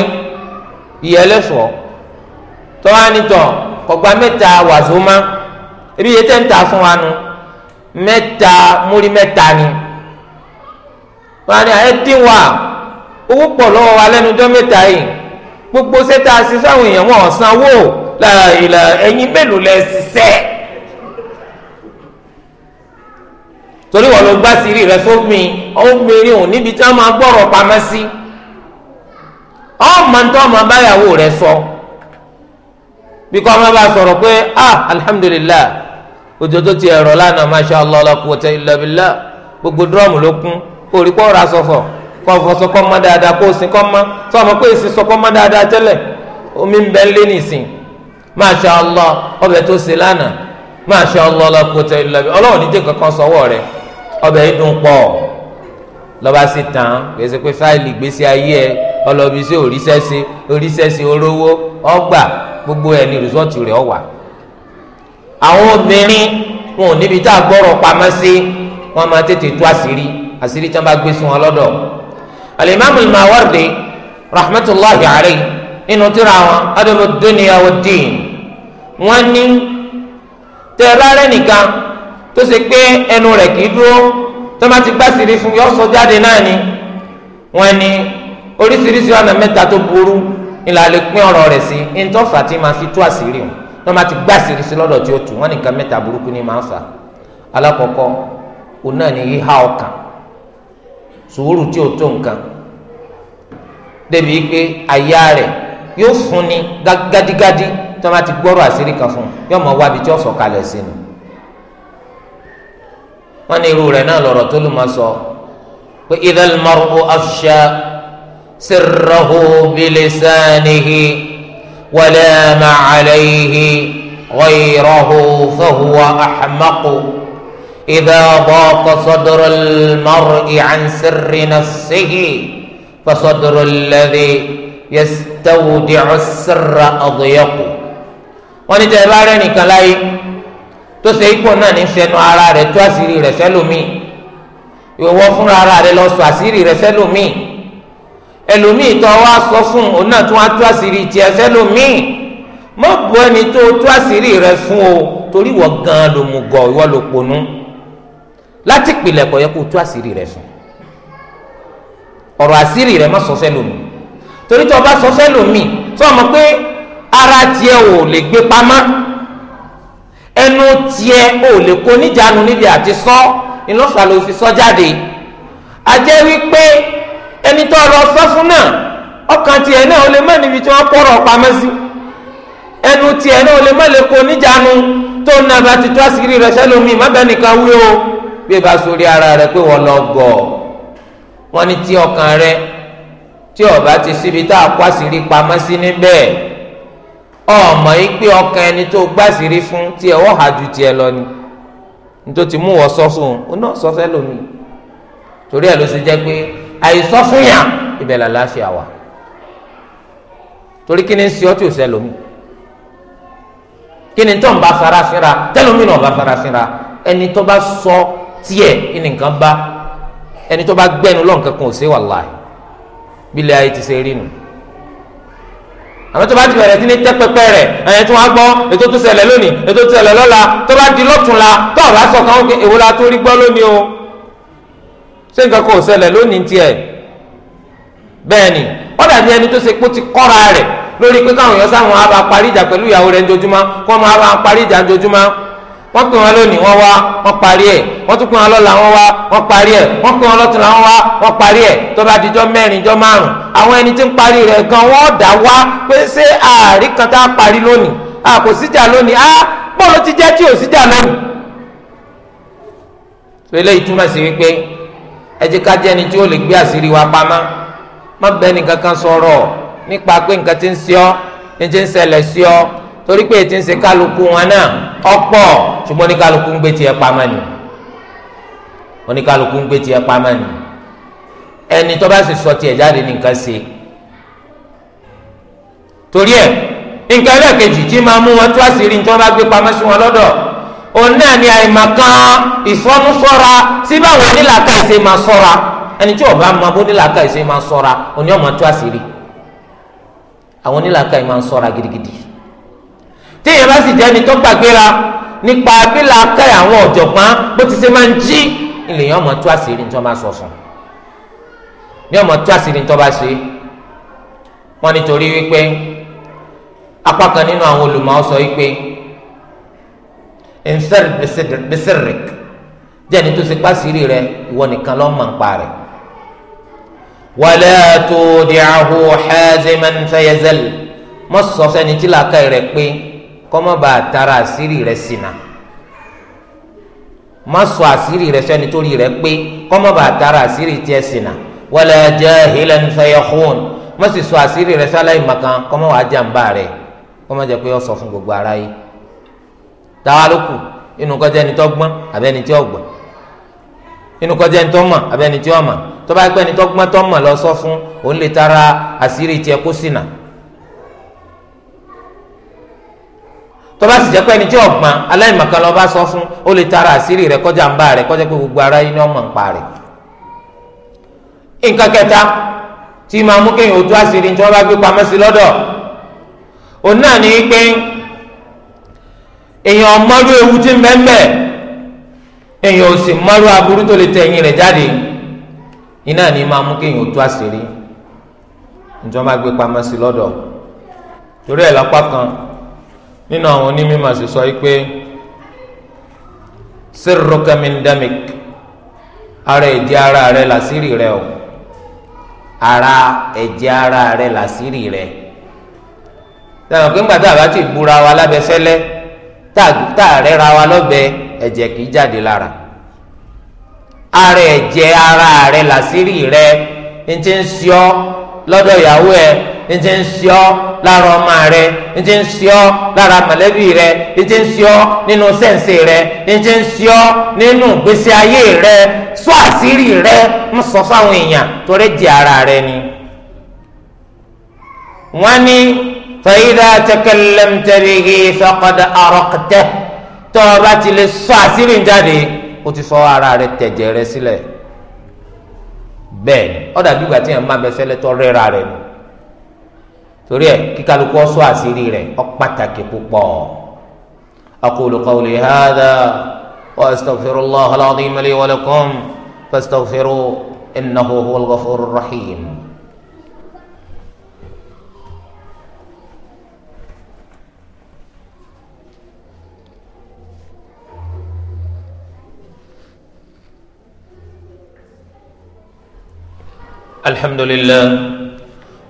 ìyẹn lẹ́fọ̀ọ́ tọ́wá nìtọ̀ kọ̀gbá mẹ́ta wàzó máa ebi yìí tẹ́ ń ta fún wa nu mẹ́ta múrí mẹ́ta ni wọn ni ẹ dín wa owó pọ̀ lọ́wọ́ wa lẹ́nu ọjọ́ mẹ́ta yìí gbogbo sẹ́ta sí sáwọn èèyàn wọn ọ̀sán wò lára ìlà ẹ̀yìn mélòó lẹ ṣiṣẹ́ torí wọn ló gbá sírí rẹ fómi ọmọbìnrin òun níbi tí wọn máa gbọ́rọ̀ pamẹ́ sí ọmọ tó ọmọ báyàwó rẹ sọ bí kò ọmọ bá sọ̀rọ̀ pé ah alihamudulilayi. òjò tó ti ẹ̀rọ lánàá masha allah la quwwata illa gbogbo dúrọ́ọ̀mù ló kún orí kọ́ ra sọ̀fọ̀ kọ́ fọṣọ kọ́ mọ́ dáadáa kó o sin mọ́ ma pé èsì mọ́ dáadáa tẹ́lẹ̀ omi ń bẹ ń lé nìsín masha allah ọbẹ̀ tó ṣe lánàá masha allah la àwọn obìnrin wọn ò níbi tá a gbọ́rọ̀ pamọ́ sí wọn máa tètè tú àṣírí àṣírí tí wọn bá gbé sun wọn lọ́dọ̀ alimami mawardi rahmatulahi alayhi nínú tíra wọn adébó dúnìá wò dín wọn ní tẹ̀rẹ́rẹ́ nìkan tó ṣe pé ẹnu rẹ̀ kì í dúró tó máa ti gbá sírí fún yọ sọ jáde náà ni wọn ní oríṣiríṣi ọ̀nà mẹ́ta tó burú ìlàlẹ̀ pín ọ̀rọ̀ rẹ̀ sí ní tó fà tí màá fi tú àṣírí wọn tó máa ti gbà sírìsì lọ́dọ̀ tí ó tù wọ́n nìkan mẹ́ta burúkú ni máa ń fà alákọ̀ọ́kọ́ òun náà ni yíhá ọkàn sùúrù tí ò tó nǹkan débìí pé àyà rẹ̀ yóò fún ni gádígádí tó máa ti gbọ́rọ̀ àṣírí kan fún yóò mọ̀ wá ibi tí ó sọ̀kalẹ̀ sí ni wọ́n ní irú rẹ̀ náà lọ̀rọ̀ tó lù máa sọ pé idhal mar'u afsha sirrahu bilisanihi. ولا ما عليه غيره فهو أحمق إذا ضاق صدر المرء عن سر نفسه فصدر الذي يستودع السر أضيق wọ́n tẹ́ ẹ bá rẹ́ nìkan láyé tó ṣe ipò náà ní sẹ́nu ara rẹ̀ tó àṣírí rẹ̀ sẹ́lòmíì ìwọ fúnra ara rẹ̀ lọ sọ àṣírí rẹ̀ sẹ́lòmíì ẹlòmíì tó wá sọ fún òun náà tó wá tú àṣírí tiẹ̀ sẹ́lòmíì mọ̀ bọ́ ẹni tó tú àṣírí rẹ fún o torí wọ́n gan ló mú gọ̀ ìwọ́ ló ponú láti pìlẹ̀ kọ̀ yẹ kó tú àṣírí rẹ fún ọ̀rọ̀ àṣírí rẹ má sọ sẹ́lòmíì torí tó o bá sọ sẹ́lòmíì tó o mọ̀ pé ara tiẹ̀ ò lè gbé pamọ́ ẹnu tiẹ̀ ò lè kó níjànú níbi àti sọ ìlọ́fà ló fi sọ jáde a jẹ́ wípé. ẹni tó lọ sọ fún náà ọkàn tiẹ̀ náà ó lè má níbi tí wọ́n pamọ́ sí ẹnu tiẹ̀ náà ó lè má lè kó níjànú tó nà bá ti tó rẹ̀ sẹ́lómi má bẹ́ẹ̀ nìkan wí o bí ba ara rẹ̀ pé wọ́n lọ gọ̀ wọ́n ní ọkàn tí ti síbi lọ ni nítorí mú wọ́n sọ fún un ó náà sọ fẹ́ àìsọ fún yàn ibẹ̀ là láàfin àwà torí kí ni ń sọ tí ò sẹlómi kí ni tó ń bá fara fínra tẹlómi náà bá fara fínra ẹni tó bá sọ tiẹ̀ kí ni nǹkan bá ẹni tó bá gbẹnu lọ́nkàn kan ò sí wàláì bílẹ̀ ayé ti ṣe rí nu àwọn tó bá ti bẹ̀rẹ̀ sí ní tẹ́pẹ́pẹ́ rẹ̀ ẹ̀yẹn tí wọ́n gbọ́ ètò tó ṣẹlẹ̀ lónìí ètò tó ṣẹlẹ̀ lọ́la tó bá di lọ́tùnla tó ọ̀rọ̀ aṣọ kan èwo la tó rí gbọ́ lónìí o ṣé nǹkan kan ò ṣẹlẹ̀ lónìí tiẹ̀ bẹ́ẹ̀ ni ó dàbí ẹni tó ṣe pé ó ti kọ́ra rẹ̀ lórí pé káwọn èèyàn sáwọn á bá parí ìjà pẹ̀lú ìyàwó rẹ̀ ńjojúmọ́ kó wọn á bá parí ìjà ńjojúmọ́ wọ́n pè wọn lónìí wọ́n wá wọ́n parí ẹ̀ wọ́n tún pè wọn lọ́la wọ́n wá wọ́n parí ẹ̀ wọ́n pè wọn lọ́tùnla wọ́n wá wọ́n parí ẹ̀ tó bá dijọ́ mẹ́rin jọ́ márùn àwọn ẹni tí ń parí rẹ̀ gan wọ́n dá wá pé ṣé ààrí kan tá a parí lónìí a kò síjà lónìí a bọ́ọ̀lù ti jẹ́ tí ò síjà lónìí. sọ eléyìí sí wípé ẹ jẹ́ ká jẹ́ ni tí ó lè gbé àṣírí wa pamọ́ má bẹ́ẹ̀ ni kankan sọ̀rọ̀ nípa pé nǹkan ti ń ṣe ọ́ ní ti ń ṣẹlẹ̀ sí ọ́ torí pé ti ń ṣe kálukú wọn náà ọ̀pọ̀ ṣùgbọ́n oníkálukú ń gbé tiẹ̀ pamọ́ ni oníkálukú ń gbé tiẹ̀ pamọ́ ni ẹni tó bá sì sọ tiẹ̀ jáde ní ṣe torí ẹ̀ nǹkan ẹlẹ́ẹ̀kejì tí máa mú wọn tó àṣírí ní tí wọ́n bá gbé pamọ́ sí wọn lọ́dọ̀ òun náà ni àìmọ̀kan ìfọ́nusọ́ra sí báwọn onílàkà ìṣe máa sọ́ra ẹni tí ọba máa bó onílàkà ìṣe máa sọ́ra òní ọmọ tó àṣírí àwọn onílàkà ìṣe máa sọ́ra gidigidi tí èèyàn bá sì jẹ́ ẹni tó gbàgbéra nípa bílàkà àwọn ọ̀jọ̀gbọ́n bó ti ṣe máa ń jí ìlèyàn ọmọ tó àṣírí ní tí wọ́n bá sọ fún ní ọmọ tó àṣírí ní tí wọ́n bá ṣe wọ́n nítorí wípé apá nínú àwọn olùmọ̀ ẹnsẹr bẹsẹrẹk jẹ́ ẹni tó ṣe pàṣírí rẹ̀ ìwọ nìkan ló mọ̀ nípa rẹ̀ wàlẹ́ tó di ahu haziman fayazal mọ sọ sẹ́ni tí làákà rẹ̀ pé kọ́mọ́ bá tara àṣírí rẹ̀ ṣìnà má sọ àṣírí rẹ̀ sẹ́ni tó rí rẹ̀ pé kọ́mọ́ bá tara àṣírí tiẹ̀ ṣìnà wàlẹ́ jahilan fayakhun má sì sọ àṣírí rẹ̀ sálẹ̀ ìmọ̀kan kọ́mọ́ wàá jàǹbá rẹ̀ kọ́mọ́ jẹ́ pé ó sọ fún gbogbo ara yìí. táwa ló kù inú kọjá ẹni tó gbọ́n àbẹ́ni tí ó gbọ́n inú kọjá ẹni tó lọ sọ fún òun lè tara àṣírí tiẹ̀ kó ṣìnà tó bá sì jẹ́ pé ẹni tí ó aláìmọ̀kan lọ bá sọ fún ó lè tara àṣírí rẹ kọjá ń bá gbogbo ara yín ọmọ ń pa nǹkan kẹta tí mú kéèyàn ojú àṣírí tí wọ́n bá èèyàn mọ́rú ewu tí ń bẹ ń bẹ èèyàn ò sì mọ́rú aburú tó lè tẹ ẹ̀yìn rẹ̀ jáde iná ni máa mú kéèyàn ó tú àṣírí nítorí wọn gbé pamọ́ sí lọ́dọ̀ torí ẹ̀ lápá kan nínú àwọn onímọ̀ sọ pé sirruka ara ẹ̀jẹ̀ ara rẹ̀ làṣírí rẹ̀ o ara ẹ̀jẹ̀ ara rẹ̀ làṣírí rẹ̀ pé ńgbà a bá ti búra tá a rẹ́ra wa lọ́bẹ̀ ẹ̀jẹ̀ kìí jáde lára ara ẹ̀jẹ̀ ara rẹ làṣírí rẹ ní ti ń sọ lọ́dọ̀ ìyàwó ẹ ní ti ń sọ lára ọmọ rẹ ní ti ń sọ lára mọ̀lẹ́bí rẹ ní ti ń sọ nínú sẹ́ǹsì rẹ ní ti ń sọ nínú ìgbésí ayé rẹ sọ àṣírí rẹ ń sọ fáwọn èèyàn torí ẹ̀jẹ̀ ara rẹ ni wọ́n ní. فإذا تكلمت به فقد أرقته tọ́ọ̀bá ti lè sọ àṣírí jáde ó ti sọ ara rẹ tẹ̀jẹ̀ rẹ sílẹ̀ bẹ́ẹ̀ ni ó dàbí ìgbà tí èèyàn máa bẹ fẹ́lẹ́ tọ́ rẹ́ra rẹ nù torí ẹ̀ kíkálukú ó àṣírí rẹ̀ ó pàtàkì púpọ̀ أقول قولي هذا وأستغفر الله العظيم لي ولكم فاستغفروه إنه هو الغفور الحمد لله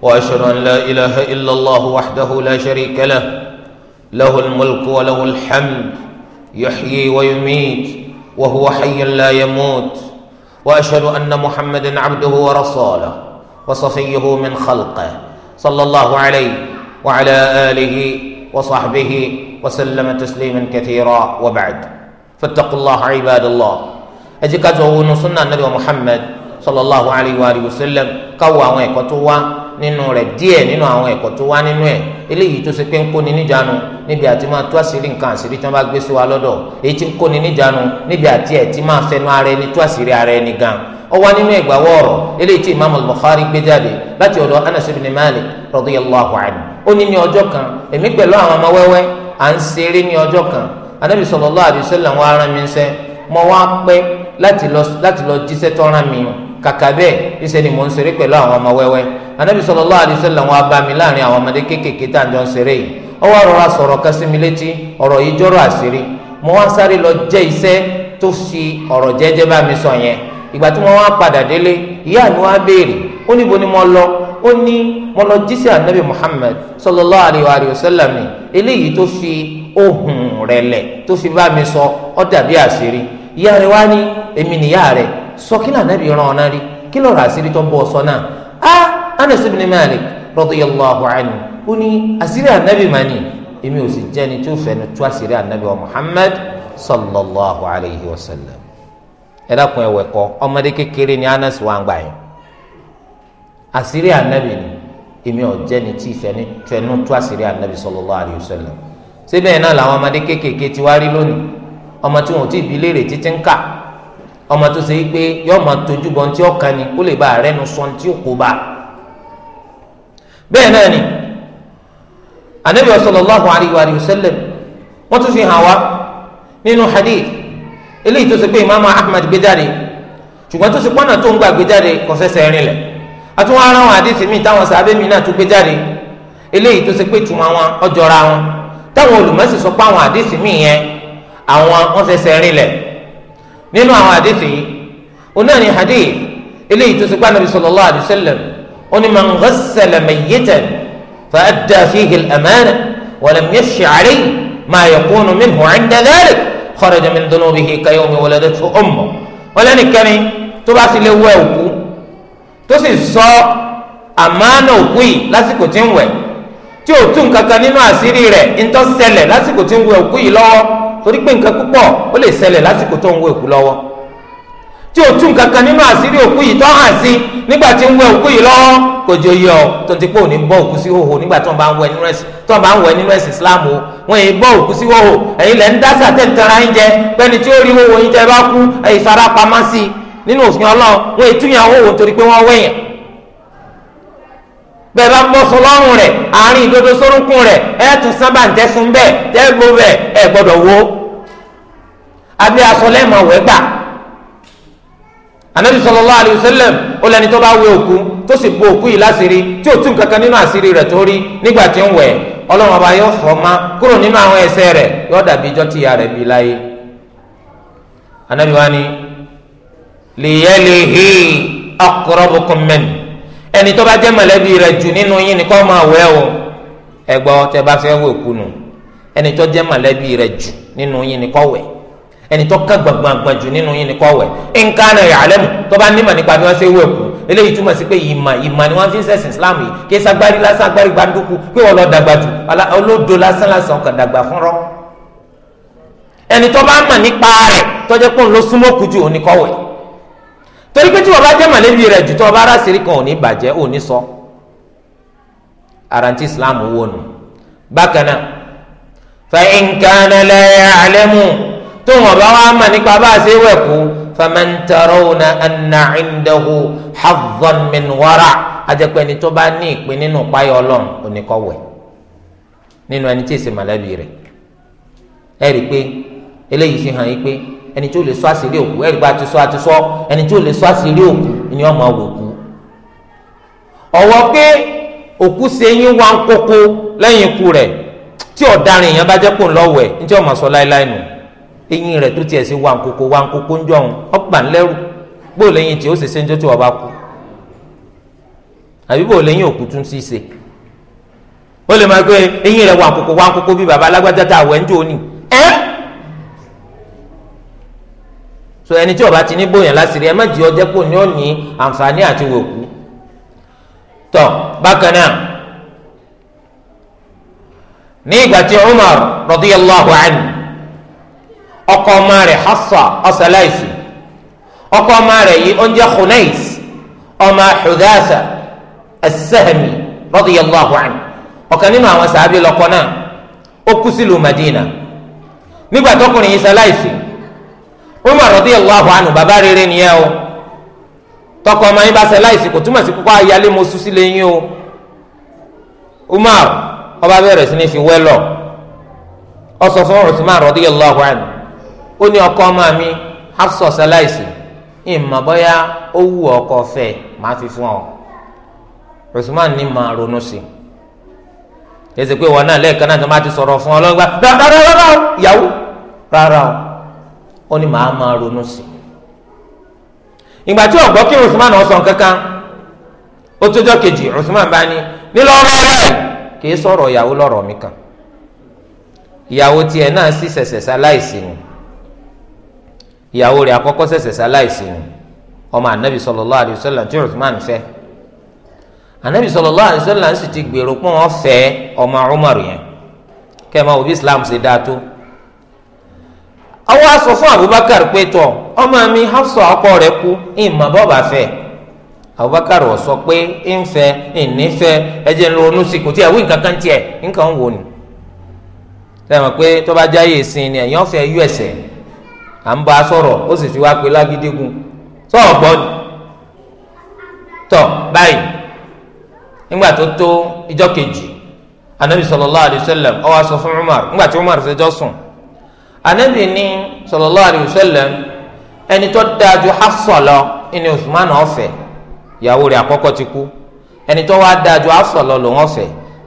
واشهد ان لا اله الا الله وحده لا شريك له له الملك وله الحمد يحيي ويميت وهو حي لا يموت واشهد ان محمدا عبده ورسوله وصفيه من خلقه صلى الله عليه وعلى اله وصحبه وسلم تسليما كثيرا وبعد فاتقوا الله عباد الله اجيكاجو سنه النبي محمد sallallahu alayhi wa sallam káwọ àwọn ẹ̀kọ́ tó wá nínú rẹ̀ díẹ̀ nínú àwọn ẹ̀kọ́ tó wá nínú ẹ̀ eléyìí tó ṣe pé ń kóni níjànú níbi àti máa tú àṣírí nǹkan àṣírí tí wọ́n bá gbé sí wa lọ́dọ̀ èyí tí ń kóni níjànú níbi àti ẹ̀ tí máa fẹnu ara ẹni tú àṣírí ara ẹni gan ó wá nínú ìgbàwọ́ ọ̀rọ̀ eléyìí tí imaamu Bukhari gbé jáde láti ọ̀dọ̀ Anas ibn Malik radiyallahu anhu ó ní ní ọjọ́ kan èmi pẹ̀lú àwọn ọmọ wẹ́wẹ́ à ń ṣeré ní ọjọ́ kan anabi sallallahu alaihi wasallam wa ń sẹ́ mo wá pẹ́ láti lọ jíṣẹ́ tó kàkà bẹ́ẹ̀ ìṣe ni mò ń ṣeré pẹ̀lú àwọn ọmọ wẹ́wẹ́ anabi sallallahu alaihi wasallam wọn abami láàrin àwọn ọmọdé kéékèèké tá à ń jọ ń ṣeré yìí ó wá rọra sọ̀rọ̀ kan sí mi létí ọ̀rọ̀ yìí jọrọ àṣírí mo wá sáré lọ jẹ́ iṣẹ́ tó fi ọ̀rọ̀ jẹ́jẹ́ bá mi sọ yẹn ìgbà tí wọn wá padà délé ìyá mi wá béèrè ó níbo ni mo lọ ó ní mo lọ jíṣẹ́ anabi muhammad sallallahu alaihi wasallam eléyìí tó sọ kí lànà bí ràn ọ́nà rí kí lọ́ọ́ rà àṣírí tó bọ́ ọ sọ náà á Anas ibn Malik radiyallahu anhu ó ní àṣírí ànábì mà ní èmi ò sì jẹ́ni tó fẹ́ni tú àṣírí ànábì wa Muhammad sallallahu alayhi wa sallam ẹ dákun ẹ ọmọdé kékeré ni Anas wà ń gbà yẹn àṣírí ànábì ni èmi ò jẹ́ni tí fẹ́ni tẹnu tú àṣírí sallallahu alayhi wa sallam ọmọ tó ṣe pé yọọ máa tójú bọ ntí ọkàn ni kó lè bá rẹnu sọ ntí òkú bá bẹ́ẹ̀ náà ni anabi sallallahu alayhi wa sallam wọ́n tún fi hàn wá nínú hadith eléyìí tó ṣe pé imaamu ahmed gbé jáde ṣùgbọ́n tó ṣe pọ́nà tó ń gbà gbé jáde kò fẹsẹ̀ rin lẹ̀ àtúwọ́n ara wọn àdìsí mi táwọn sàbẹ̀ mi náà tún gbé jáde eléyìí tó ṣe pé tùmọ̀ wọn ọjọ́ra wọn táwọn olùmọ̀sí sọ pé àwọn àdìsí mi yẹn àwọn wọn fẹsẹ̀ rin lẹ̀ nínú àwọn àdéhùn yìí òun náà ni hadith eléyìí tó ti gbá nàbí sallallahu alayhi wa sallam ó ní man ghassala mayyitan fa adda fihi al-amana wa lam yashshi alayhi ma yakunu minhu 'inda dhalik kharaja min dhunubihi ka yawmi waladathu ummuh wọn lẹ́nìkẹ́ni tó bá ti lè wẹ òkú tó sì sọ àmánà òkú yìí lásìkò tí ń wẹ̀ tí ò kankan nínú àṣírí rẹ̀ ń torí pé nǹkan púpọ̀ ó lè ṣẹlẹ̀ lásìkò tó ń wọ òkú lọ́wọ́ tí o tún kankan nínú àṣírí òkú yìí tó hàn sí nígbà tí ń wẹ òkú yìí lọ́wọ́ kò jọ yọ tó ti pé òní bọ́ òkú sí hòhò nígbà tó ń bá ń wẹ nínú ẹ̀sìn tó ń bá ń wẹ nínú ẹ̀sìn Islam o wọn yìí bọ́ òkú sí hòhò ẹ̀yin lẹ́ ń dásà tẹ̀ ń tẹ̀ra ń jẹ bẹ́ni tí ó rí hòhò yìí tẹ́ bá kú ẹ̀yin fara pamọ́ sí i nínú òfin Ọlọ́run wọn yìí túyàn hòhò torí pé wọ́n wẹ̀yàn bẹ́ẹ̀ bá bọ́ sọlọ́run rẹ̀ àárín ìdodo sórúnkún rẹ̀ ẹ tún sábà ń tẹ́sùn bẹ́ẹ̀ tẹ́ gbó bẹ́ẹ̀ ẹ gbọ́dọ̀ wo abẹ́ aṣọ lẹ́mọ̀ wẹ́ gbà anabi sallallahu alayhi wa sallam ó lẹni tó bá wẹ òkú tó sì bo òkú yìí láṣìírí tí ò tún kankan nínú àṣírí rẹ̀ tó rí nígbà tí ń wẹ̀ ọlọ́run ọba yóò fọ́ ma kúrò nínú àwọn ẹ̀ṣẹ̀ rẹ̀ yóò dàbí ijọ́ tìyà rẹ̀ bí láyé anabi wa ni liyalihi aqrabukum min ẹni tó bá jẹ́ mọ̀lẹ́bí rẹ̀ jù nínú yín ni kó máa wẹ̀ o ẹgbọ́ tẹ bá fẹ́ wẹ̀ kunu ẹni tó jẹ́ mọ̀lẹ́bí rẹ̀ jù nínú yín ni kó wẹ̀ ẹni tó ká gbàngbàngbàn jù nínú yín ni kó wẹ̀ nǹkan náà ya'lamu tó bá nímọ̀ nípa bí wọ́n ṣe wẹ̀ kú eléyìí túmọ̀ sí pé ìmọ̀ ìmọ̀ ni wọ́n fi ń ṣẹ̀sìn Islam yìí kí sagbari lásán agbárí gbàdúkú pé wọ́n lọ dàgbà jù olódo lásán lásán kàn dàgbà fúnrọ́ ẹni tó bá mọ̀ nípa rẹ̀ tó jẹ́ pé òun ló súnmọ́ kú jù òun ni kó wẹ̀ torí pé tí wọ́n bá jẹ́ mọ̀lẹ́bí rẹ̀ jù tó ọba ara sírí kan ò ní bàjẹ́ ò ní sọ arantí islam wò nù bákan náà fa in kana la ya'lamu tó wọ́n bá wà mà nípa bá a ṣe wẹ̀ kú faman tarawna anna indahu hazzan min wara ajẹ́pẹ́ ẹni tó bá ní ìpín nínú páyọ̀ ọlọ́run oníkọ̀wẹ̀ nínú ẹni tí ì ṣe mọ̀lẹ́bí rẹ̀ ẹ rí i pé eléyìí fi hàn yí pé ẹni tí ó lè sọ àṣírí òkú ẹ̀rí bá ti sọ àti sọ ẹni tí ó lè sọ àṣírí òkú ni wọ́n máa wò kú. ọ̀wọ́ pé òkú ṣe yín wá ń kókó lẹ́yìn ikú rẹ̀ tí ọ̀daràn èèyàn bá jẹ́ pò ń lọ́wọ́ ẹ̀ ní tí ọmọ sọ láéláé nù eyín rẹ̀ tó tiẹ̀ sí wá ń kókó wá ń kókó ń jọ̀hún ọ̀pà ń lẹ́rù bó lẹ́yìn tí ó ṣe ṣe ń jọ́ tí wọ́n bá kú àbí bó lẹ́yìn òkú tún sí ṣe ó lè máa gbé eyín rẹ̀ wá ń kókó wá ń kókó bí baba alágbájá tá àwẹ̀ ń jò ní ẹ́ so ẹni tí ó bá ti ní bóyá láṣìírí ẹ má jí ọjẹ pò ní òní àǹfààní àti wòkú tọ bákan náà ní ìgbà tí Umar radiyallahu anhu ọkọ ọmọ rẹ̀ Hafsa ọsàláìsì ọkọ ọmọ rẹ̀ yìí ó ń jẹ́ Khunais ọmọ Hudasa as-Sahmi radiyallahu anhu ọ̀kan nínú àwọn sàábì lọ́kọ náà ó kú sílùú Madina nígbà tọkùnrin yìí sàláìsì. Umar radiyallahu anu baba rere nìyẹn o tọkọ ọmọ yín bá ṣe láìsí kò túmọ̀ sí kókó ayálé mo o Umar ọba bẹ̀rẹ̀ sí ní fi wẹ́lọ̀ ó sọ fún Uthman radiyallahu anhu ó ní ọkọ ọmọ mi Hafsa ṣe láìsí ìmọ̀ bọ́yá ó ọkọ fẹ́ máa fi fún ọ Usman ní ronú sí wọn náà lẹ́ẹ̀kan náà ó ní màá máa ronú sí i ìgbà tí ọ̀gbọ́n kí Usman ọ̀sán kankan ó tójọ́ kejì Usman bá ní nílọ́rọ́ rẹ̀ kìí sọ̀rọ̀ ìyàwó lọ́rọ̀ mi kan ìyàwó tiẹ̀ náà sì ṣẹ̀ṣẹ̀ ṣaláìsí ni ìyàwó rẹ̀ àkọ́kọ́ ṣẹ̀ṣẹ̀ ṣaláìsí ni ọmọ anabi sallallahu alayhi wa sallam tí Usman fẹ́ anabi sallallahu alayhi wa sallam sì ti gbèrò pé wọ́n fẹ́ ọmọ Umar yẹn kẹ́ ẹ Islam ṣe dáa tó àwọn aṣọ fún Abubakar pé tọ ọmọ mi Hafsa ọkọ rẹ̀ kú ìmọ bọba fẹ Abubakar ọ sọ pé ìnfẹ́ ìnífẹ́ ẹjẹ ńlọ ọdún kò ẹ wí nǹkan wò ni sẹ́wọ̀n pé jáyé sin ni ẹ̀yàn fẹ́ yú ẹ̀sẹ̀ à ń bá a ó sì fi wá pé ni tọ báyìí nígbà tó tó ìjọ kejì anabi anabi ni sallallahu alayhi wa sallam ẹni tó dáa ju Hafsa lọ ẹni Uthman ọfẹ ìyàwó rẹ̀ àkọ́kọ́ ti kú ẹni tó wá dáa ju Hafsa lọ lòun ọfẹ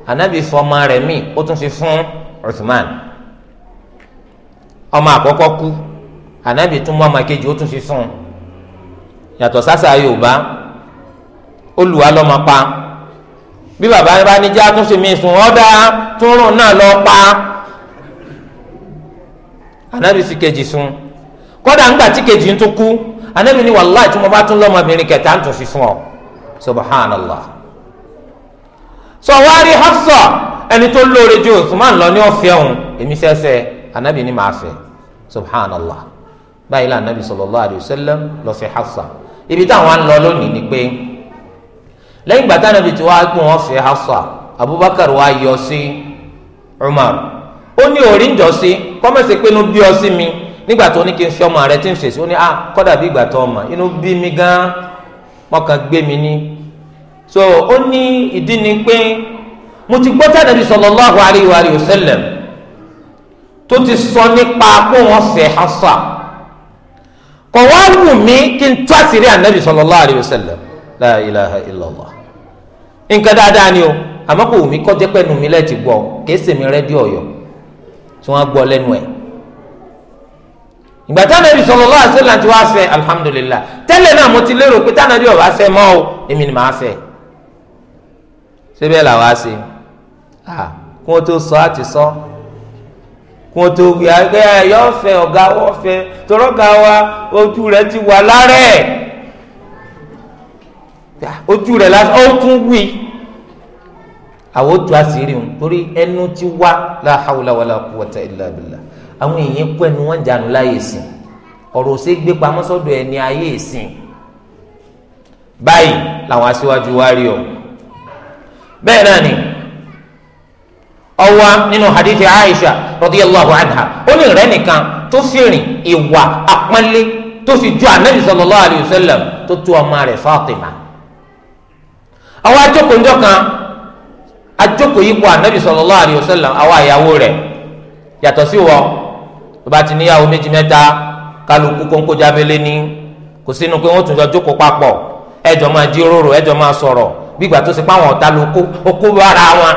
anabi fọmọ rẹ̀ míì ó tún fi fún Uthman ọmọ àkọ́kọ́ kú anabi tún mú ọmọ kejì ó tún fi fún yàtọ̀ sásà yorùbá olùwà lọ́mọ pa bí bàbá bá ní jẹ́ àtúnṣe mi sùn ọ̀dà túnrùn náà lọ pa anabi fi kejì sun kódà ńgbà tí kejì ń tún kú anabi ní wàláì tí mo bá tún lọ́mọbìnrin kẹta ń tún fi fún ọ subhanallah sọwárí hafsa ẹni tó lóore ju usman lọ ní ọ̀fẹ́ òun èmi fẹ́fẹ́ anabi ní màá fẹ́ subhanallah báyìí la anabi sallallahu alayhi wa sallam lọ fẹ́ hafsa ibi táwọn ń lọ lónìí ni pé lẹ́yìn gbàtà anabi wàá gbọ́n ọ̀fẹ́ hafsa abubakar wàá yọ sí umar ó ní orí ń jọ sí kọ́mọ̀sí pé bí ọ sí mi nígbà tó ní kí n fi ọmọ rẹ tí ń fèsì ó ní ah kọ́dà bí ìgbà tó ọmọ inú bí mi gan wọn kàn gbé mi ní. so ó ní ìdí ni pé mo ti gbọ́ tí Ànábì sallallahu alaihi wa sallam tó ti sọ nípa pé wọ́n fẹ́ Hafsa kò wá wù mí kí n tó àṣírí Ànábì sallallahu alaihi wa sallam la ilaha illallah nǹkan dáadáa ni o àmọ́ kò wù mí kọ́ jẹ́ pẹ́ẹ́nu mi lẹ́ẹ̀tì gbọ́ kèé sèmi rẹ́díò ọ̀yọ́ tí wọ́n gbọ́ lẹ́nu ẹ̀ ìgbà tánàbí sallallahu alaihi wasallam ti wá fẹ́ alhamdulillah tẹ́lẹ̀ náà mo ti lérò pé tánàbí ò bá fẹ́ mọ́ o èmi ni màá fẹ́ síbẹ̀ làwa ṣe kí wọ́n tó sọ àti sọ kí wọ́n tó wí àgbẹ̀ yọ fẹ́ ọ̀gá wọ́n fẹ́ tọ́rọ́gà wa ojú rẹ̀ ti wà lárẹ̀ ojú rẹ̀ lásán ó tún wí àwọn otu àṣírí wọn torí ẹnu ti wá la hawla wala quwwata illa billah àwọn èèyàn kó ẹnu wọn jánu láyè ìsìn ọ̀rọ̀ ṣe gbé pamọ́ sọ́dọ̀ ẹni ayé ìsìn báyìí làwọn aṣíwájú wa rí o bẹ́ẹ̀ náà ni ọwọ́ nínú hadithi Aisha radiyallahu anha ó ní ìrẹ́ nìkan tó fi ìwà àpọ́nlé tó fi ju anabi sallallahu alayhi wa sallam tó tu ọmọ rẹ̀ Fatima àwọn ajókòó kan ajoko yípo anabi sallallahu alayhi wa sallam àwa ìyàwó rẹ̀ yàtọ̀ sí wọ tó bá ti níyàwó méjì mẹ́ta kálukú kónkójábélé ní kò sínú pé wọ́n tún jọ jókòó papọ̀ ẹjọ́ máa jíròrò ẹjọ́ máa sọ̀rọ̀ gbígbà tó ṣe pé àwọn ọ̀tá ló kó ara wọn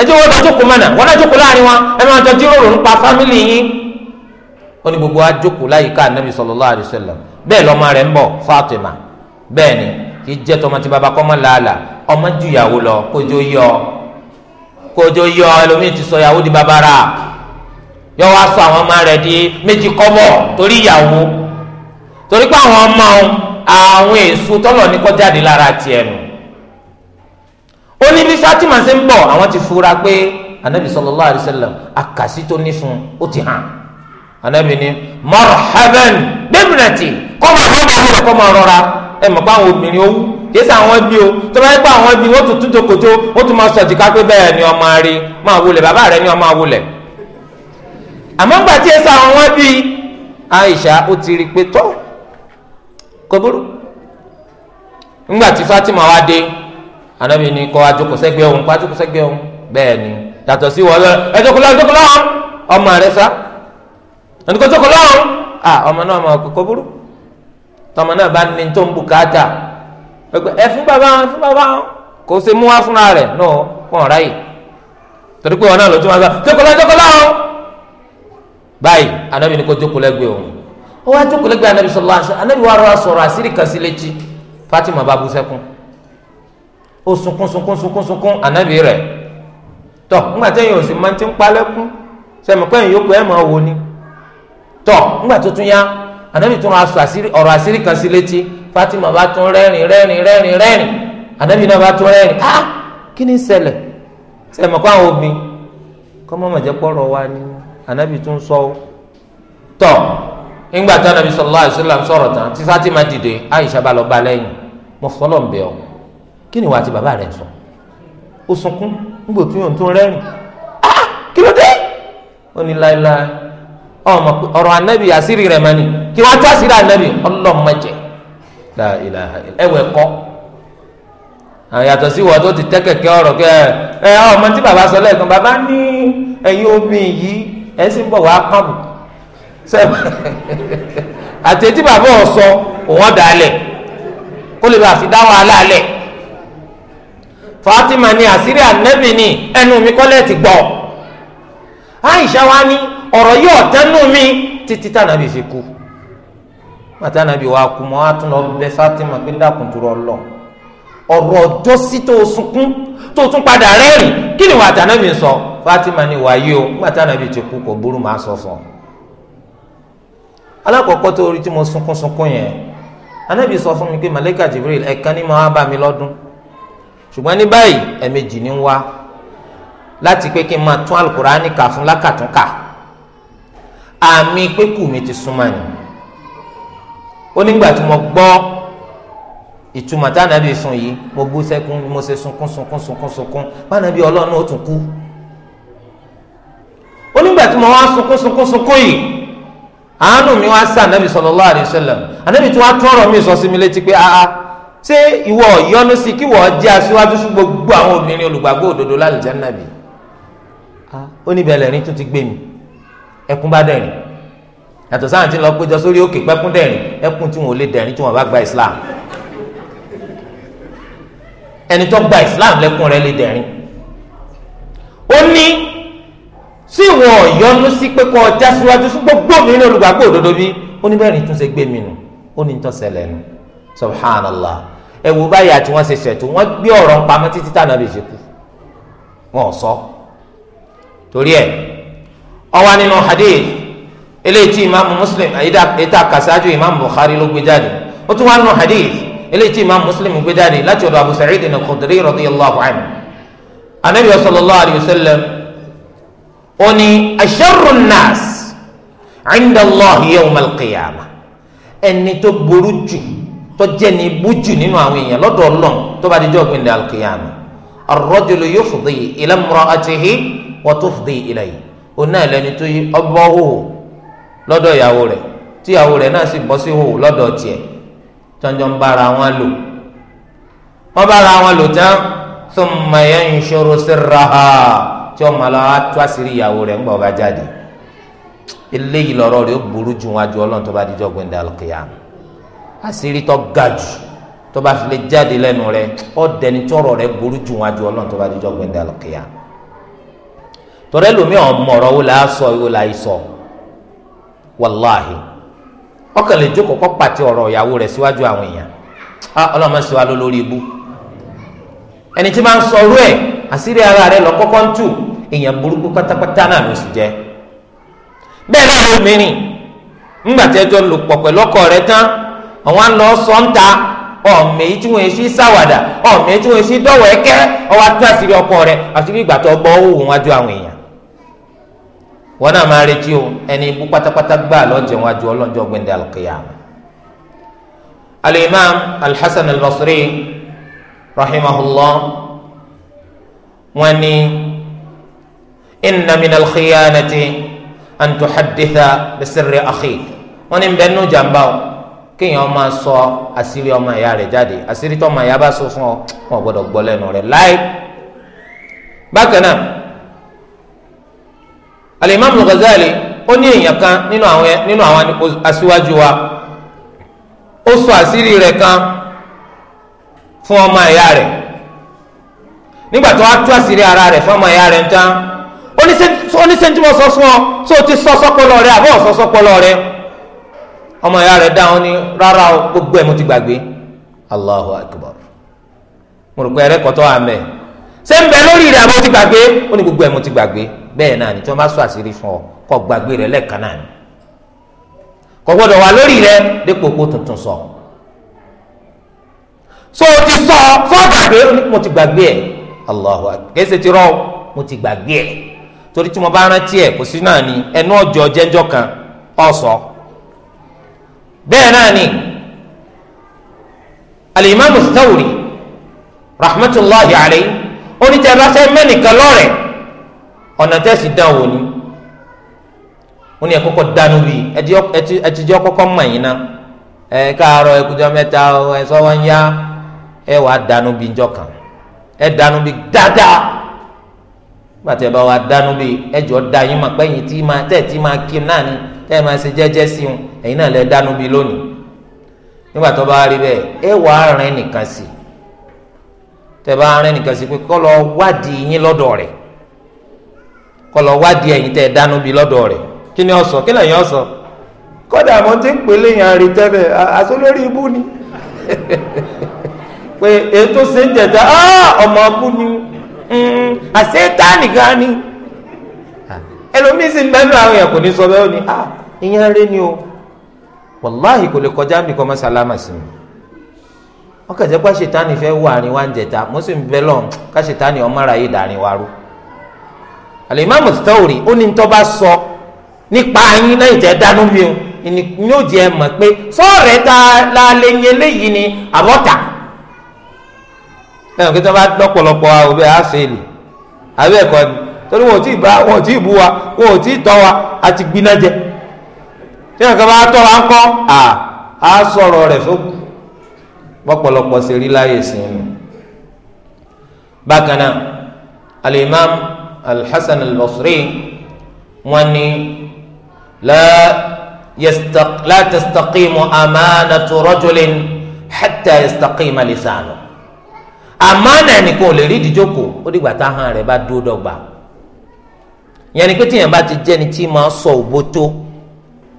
ẹjọ́ wọn dájókòó mọnà wọn dájókòó láàrin wọn ẹ máa jọ jíròrò nípa fámìlì yín ó ní gbogbo ajókòó láyìíká anabi sallallahu alayhi wa sallam bẹ́ẹ̀ lọmọ rẹ̀ ń bọ̀ Fatima bẹ́ẹ̀ ni kì í jẹ́ tọmọ tí baba kọ́ mọ́ làálàá ọmọ ju ìyàwó lọ kójó yọ kójó yọ ẹlòmíì ti sọ ìyàwó di babara yọ wá sọ àwọn ọmọ rẹ̀ di méjì kọ́bọ̀ torí ìyàwó torí pé àwọn ọmọ àwọn èso tọ́lọ̀ ní kọjáde lára tiẹ̀ nù ó ní bí Fatima ṣe ń bọ̀ àwọn ti fura pé anabi sallallahu alayhi wa sallam akasi tó ní fún ó ti hàn anabi ni marhaban bimnati kọ́ máa rọra ẹ mọ̀ pé àwọn obìnrin ó kìí sọ àwọn bí o tó bá yẹ pé àwọn bí ma tún tún ni ọmọ máa wulẹ̀ bàbá rẹ ni ọmọ wulẹ̀ àmọ́ tí ẹ àwọn Aisha ó ti rí i pé tọ́ kò burú tí Fatima wá dé anabi ni kọ́ adókòsẹ́gbẹ́ òun kọ́ adókòsẹ́gbẹ́ òun bẹ́ẹ̀ ni yàtọ̀ sí ọmọ rẹ sá tọmọ náà bá ní tó ń bùkátà ẹ fún bàbá wọn fún bàbá wọn kò ṣe mú wá fúnra rẹ̀ náà wọn ráyè torí pé wọn náà ló tún wá sọ jókòlá jókòlá o báyìí anabi ni kò jókòlá gbé òun ó wá jókòlá gbé anabi sọlá aṣọ anabi wa rọra sọ̀rọ̀ àṣírí kan sí létí fatima bá bú sẹ́kún ó sunkún sunkún sunkún sunkún anabi rẹ̀ tọ ńgbà tẹ̀yìn òsì máa ti ń palẹ̀kùn sẹmi pẹyìn yòókù ẹ máa wò ni tọ ńgbà tuntun ya anabi tún aṣọ àṣírí ọ̀rọ̀ àṣírí kan sí létí fatima bá tún rẹ́rìn rẹ́rìn rẹ́rìn rẹ́rìn anabi náà bá tún rẹ́rìn ah kí ni ṣẹlẹ̀ sẹmọ kó àwọn obìn kọ mọ màjẹ pọrọ wa ni anabi tún sọ ọ tọ ńgbà tí anabi sallallahu alaihi wasallam sọ̀rọ̀ tán tí fatima dìde aisha bá lọ bá lẹ́yìn mo fọlọ ń bẹ ọ kí ni wàá ti bàbá rẹ sọ ó sunkún nígbà tí yóò tún rẹ́rìn ah kí ló dé ó ní láéláé ọ̀rọ̀ anabi àṣírí rẹ̀ mani kí wọ́n tó àṣírí anabi ọlọ́mọdé la ilaha illa ẹ̀wẹ̀ kọ́ àyàtọ̀ sí wọ́n tó ti tẹ́ kẹ̀kẹ́ ọ̀rọ̀ kẹ́ ẹ ọmọ tí bàbá sọ lẹ́ẹ̀kan bàbá ní ẹ̀yin obìnrin yìí ẹ̀ sì ń bọ̀ wá pàbò sẹ́ẹ̀bù àti etí bàbá ọ̀sọ òun ọ̀dà alẹ̀ kó lè bàa fi dá wàhálà alẹ̀ Fatima ní àṣírí anabi ní ẹnu mi kọ́lẹ̀ gbọ́ Aisha wa ní ọ̀rọ̀ yìí ọ̀tẹ́nu mi títí tànàbí fi kú màtànàbí wa kú mọ́ àtún lọ bẹ Fatima pé dákun tó lọ ọ̀rọ̀ ọjọ́ sí tó sunkún tó tún padà rẹ́rìn kí ni wàá tànàbí sọ Fatima ni wàá yí o màtànàbí ti kú kò burú màá sọ fún ọ. alákọ̀ọ́kọ́ tó rí tí mo sunkún sunkún yẹn anábì sọ fún mi pé Malaika Jibril ẹ̀kan ní máa bá mi lọ́dún ṣùgbọ́n ní báyìí ẹ̀ẹ̀mejì ni ń wá láti pé kí n máa tún alukurani kà fún lákàtúnkà àmì pẹ́kù mi ti súnmọ́ ni ó nígbà tí mo gbọ́ ìtumọ̀ tá ànábì yìí mo bú sẹ́kún mo ṣe sunkún sunkún sunkún sunkún bánabi ọlọ́run ó tún kú ó nígbà tí mo wá sunkún sunkún sunkún yìí àánú mi wá sí ànábì sallallahu alaihi wasallam ànábì tí wọ́n á tún mi sọ sí mi létí pé áá ṣé ìwọ yọnu sí kí wọ́n jẹ́ aṣíwájú sí gbogbo àwọn obìnrin olùgbàgbọ́ òdodo lálùjánnà bí ó níbẹ̀ tún ti gbé mi ẹkún bá dẹ̀rìn yàtọ̀ sáà ti lọ péjọ sórí òkè pẹ́kún dẹ̀rìn ẹkún tí wọn ò lè dẹ̀rìn tí wọn bá gba islam ẹni tó gba islam lẹ́kún rẹ̀ lè dẹ̀rìn ó ní sí ìwọ ọ̀yọ́nú sí pé kọ́ ọjà síwájú sí gbogbo mi ní olùgbàgbọ́ òdodo bí ó ní bẹ́ẹ̀ ni túnṣe gbé mi nù ó ní tọ́sẹ̀lẹ̀ nù subhanallah ẹ wo báyà tí wọ́n ṣe ṣètò wọ́n gbé ọ̀rọ̀ pamọ́ títí tànàbì ṣe kú wọn ò sọ torí ẹ̀ ọwọ́ nínú hadith eléyìí tí imaamu muslim ayíta kasaaju imaamu bukhari ló gbé jáde ó tún wá nínú hadith eléyìí tí imaamu muslim gbé jáde láti ọ̀dọ̀ abu sa'id ibn khudri radiyallahu anhu anabi sallallahu alayhi wa sallam ó ní asharru nas inda allahi yawm al-qiyamah ẹni tó burú jù tó jẹ́ ní ibú jù nínú àwọn èèyàn lọ́dọ̀ Ọlọ́run tó bá di jọ́ gbẹ̀ndẹ̀ al-qiyamah yufdi ila imra'atihi wa tufdi ilayhi òun náà lẹni tó yí ọbọ hòhò lọ́dọ̀ ìyàwó rẹ̀ tí ìyàwó rẹ̀ náà sì bọ́ sí hòhò lọ́dọ̀ tiẹ̀ tọ́jọ́ ń bára wọn lò wọ́n bára wọn lò tán thumma yanshuru sirraha tí ọmọ aláwa tó àṣírí ìyàwó rẹ̀ ń gbọ́ bá jáde eléyìí lọ́rọ̀ rẹ̀ ó burú ju wájú ọlọ́run tó bá dijọ́ gbẹ̀ndẹ̀ al àṣírí tó ga jù tó bá fi lè jáde lẹ́nu rẹ̀ ó dẹni tọ́rọ̀ rẹ̀ burú ju wájú ọlọ́run tó bá dijọ́ gbẹ̀ndẹ̀ al torí ẹlòmíì ọmọọrọ wo la sọ wo la sọ wàláhì ọkàn lè jókòó kọ́ pàtẹ ọ̀rọ̀ ìyàwó rẹ̀ síwájú àwọn èèyàn á ah, ọlọ́mọ sí wa lórí ibú ẹni tí máa ń ẹ̀ àṣírí ara rẹ̀ lọ kọ́kọ́ ń tù èèyàn burúkú pátápátá náà ló sì jẹ́ bẹ́ẹ̀ náà ńgbà tí ẹjọ́ lò ọkọ rẹ̀ tán àwọn sọ ń ta tí wọ́n ṣe sáwàdà tí wọ́n ṣe dọ́wọ̀ ẹ̀kẹ́ ọwọ́ ọkọ rẹ̀ àṣírí ìgbà tó gbọ́ òun wájú àwọn wọn náà máa retí o ẹni ibú pátápátá gbà lọ́jọ́ iwájú ọlọ́jọ́ gbẹ̀ndẹ̀ alùkìyàmù. al-imam al-hasan rahimahullah wọn ni inna min al an tuhadditha bisirri akhi wọn ni bẹ́ẹ̀ nù jàmbá o kéèyàn máa sọ àṣírí ọmọ ìyá rẹ̀ jáde àṣírí tó ọmọ ìyá bá sọ fún ọ wọn gbọ́dọ̀ gbọ́ lẹ́nu rẹ̀ láì bákan náà. alimami Ghazali ó ní èèyàn kan nínú àwọn nínú àwọn aṣíwájú wa ó sọ kan fún ọmọ ya rẹ nígbà tó wá tú ara rẹ fún ọmọ ya rẹ tán sọ fún ọ tó o ti sọ sọpọlọ rẹ̀ àbọ̀ sọ sọpọlọ ya ọmọ ìyá dáhùn o gbogbo ẹ̀ mo ti gbàgbé Allahu Akbar mo rò pé ẹ̀rẹ́ kọ́tọ́ lórí ti gbàgbé ó ní bẹ́ẹ̀ náà ni tí wọ́n bá sọ àṣírí fún ọ kó gbàgbé rẹ lẹ́ẹ̀kan náà ni kò gbọ́dọ̀ wà lórí rẹ dípò kó tuntun sọ so o ti sọ fọ́gbàgbé mo ti gbàgbé ẹ̀ Allahu kèsì ti rọ mo ti gbàgbé ẹ̀ torí tí mo bá rántí ẹ̀ kò sí náà ni ẹnu ọjọ́ jẹ́njọ́ kan ọ̀sọ́ bẹ́ẹ̀ náà ni alimami Thawri rahmatulahi alayhi onítẹ̀ẹ́bá fẹ́ mẹ́nìkan lọ́rẹ̀ẹ́ ọ̀nà tẹ́sí dánwò ni wọ́n ní ẹ kọ́kọ́ dánú bí ẹ ti jẹ́ kọ́kọ́ mọ̀ yín náà ẹ káàárọ̀ ẹ kújọ́ mẹ́ta ẹ sọ́wọ́ ń yá ẹ wàá dánú bí njọ́ kan ẹ dánú bí dáadáa gbàtẹ́ bá wàá dánú bí ẹ jọ da yín mà pé yín tí máa tẹ́ tí máa kí náà ni tẹ́ máa ṣe jẹ́jẹ́ sí wọn ẹ̀yin náà lẹ dánú bí lónìí nígbà tó bá rí bẹ́ẹ̀ ẹ wàá rìn nìkan sí tẹ́ bá rìn nìkan sí pé kọ́ lọ wádìí yín lọ́dọ̀ rẹ̀ kọlọ wádìí ẹ̀yin tẹ́ dánú bí lọ́dọ̀ rẹ̀ kí ni ọsọ kí lẹ́yìn ọsọ kódà mo ti ń pè léyìn àrìn tẹbẹ àsolórí ibú ni pé ètò ṣe ń jẹta ah, ọmọ abú ni àṣetáàní gan ni ah, ẹlòmíín sì ń bẹnu àwọn èèyàn kò ní sọ bẹ́ẹ̀ ó ah, ìyẹn rí ni o wàláhì kò lè kọjá mi kọ́ mọ́ sí mi wọ́n kàn jẹ́ pé àṣetáàní fẹ́ wọ àárín wa ń jẹta mo sì ń bẹ́ lọ́n káṣetáàní ọmọ ara yìí dàrin wa rú alimami Thawri ó ní tó bá sọ nípa yín lẹ́yìn tẹ́ dánú bí o ìní yóò jẹ́ mọ̀ pé sọ́ọ̀rẹ́ ta la lè yẹn léyìí ni àbọ̀tà lẹ́yìn kíntàn bá lọ́pọ̀lọpọ̀ àwọn ọbẹ̀ àṣẹlẹ̀ àbẹ̀ ẹ̀kọ́ ni torí wọn ò tí ì bá wọn ò tí ì bú wa wọn ò tí ì tọ́ wa àti gbiná jẹ tí nǹkan bá tọ́ wa ń kọ́ à á sọ̀rọ̀ rẹ̀ fún pọ̀pọ̀lọpọ̀ sí rí láyè sí i nù bákan náà alimami. الحسن البصري wọ́n لا la لا تستقيم أمانة رجل حتى يستقيم لسانه أمانة ò lè جوكو ودي ó dìgbà táhàn rẹ̀ bá dúró dọ́gba yẹn ni pé tíyẹn bá ti jẹ́ ni tí máa sọ òbótó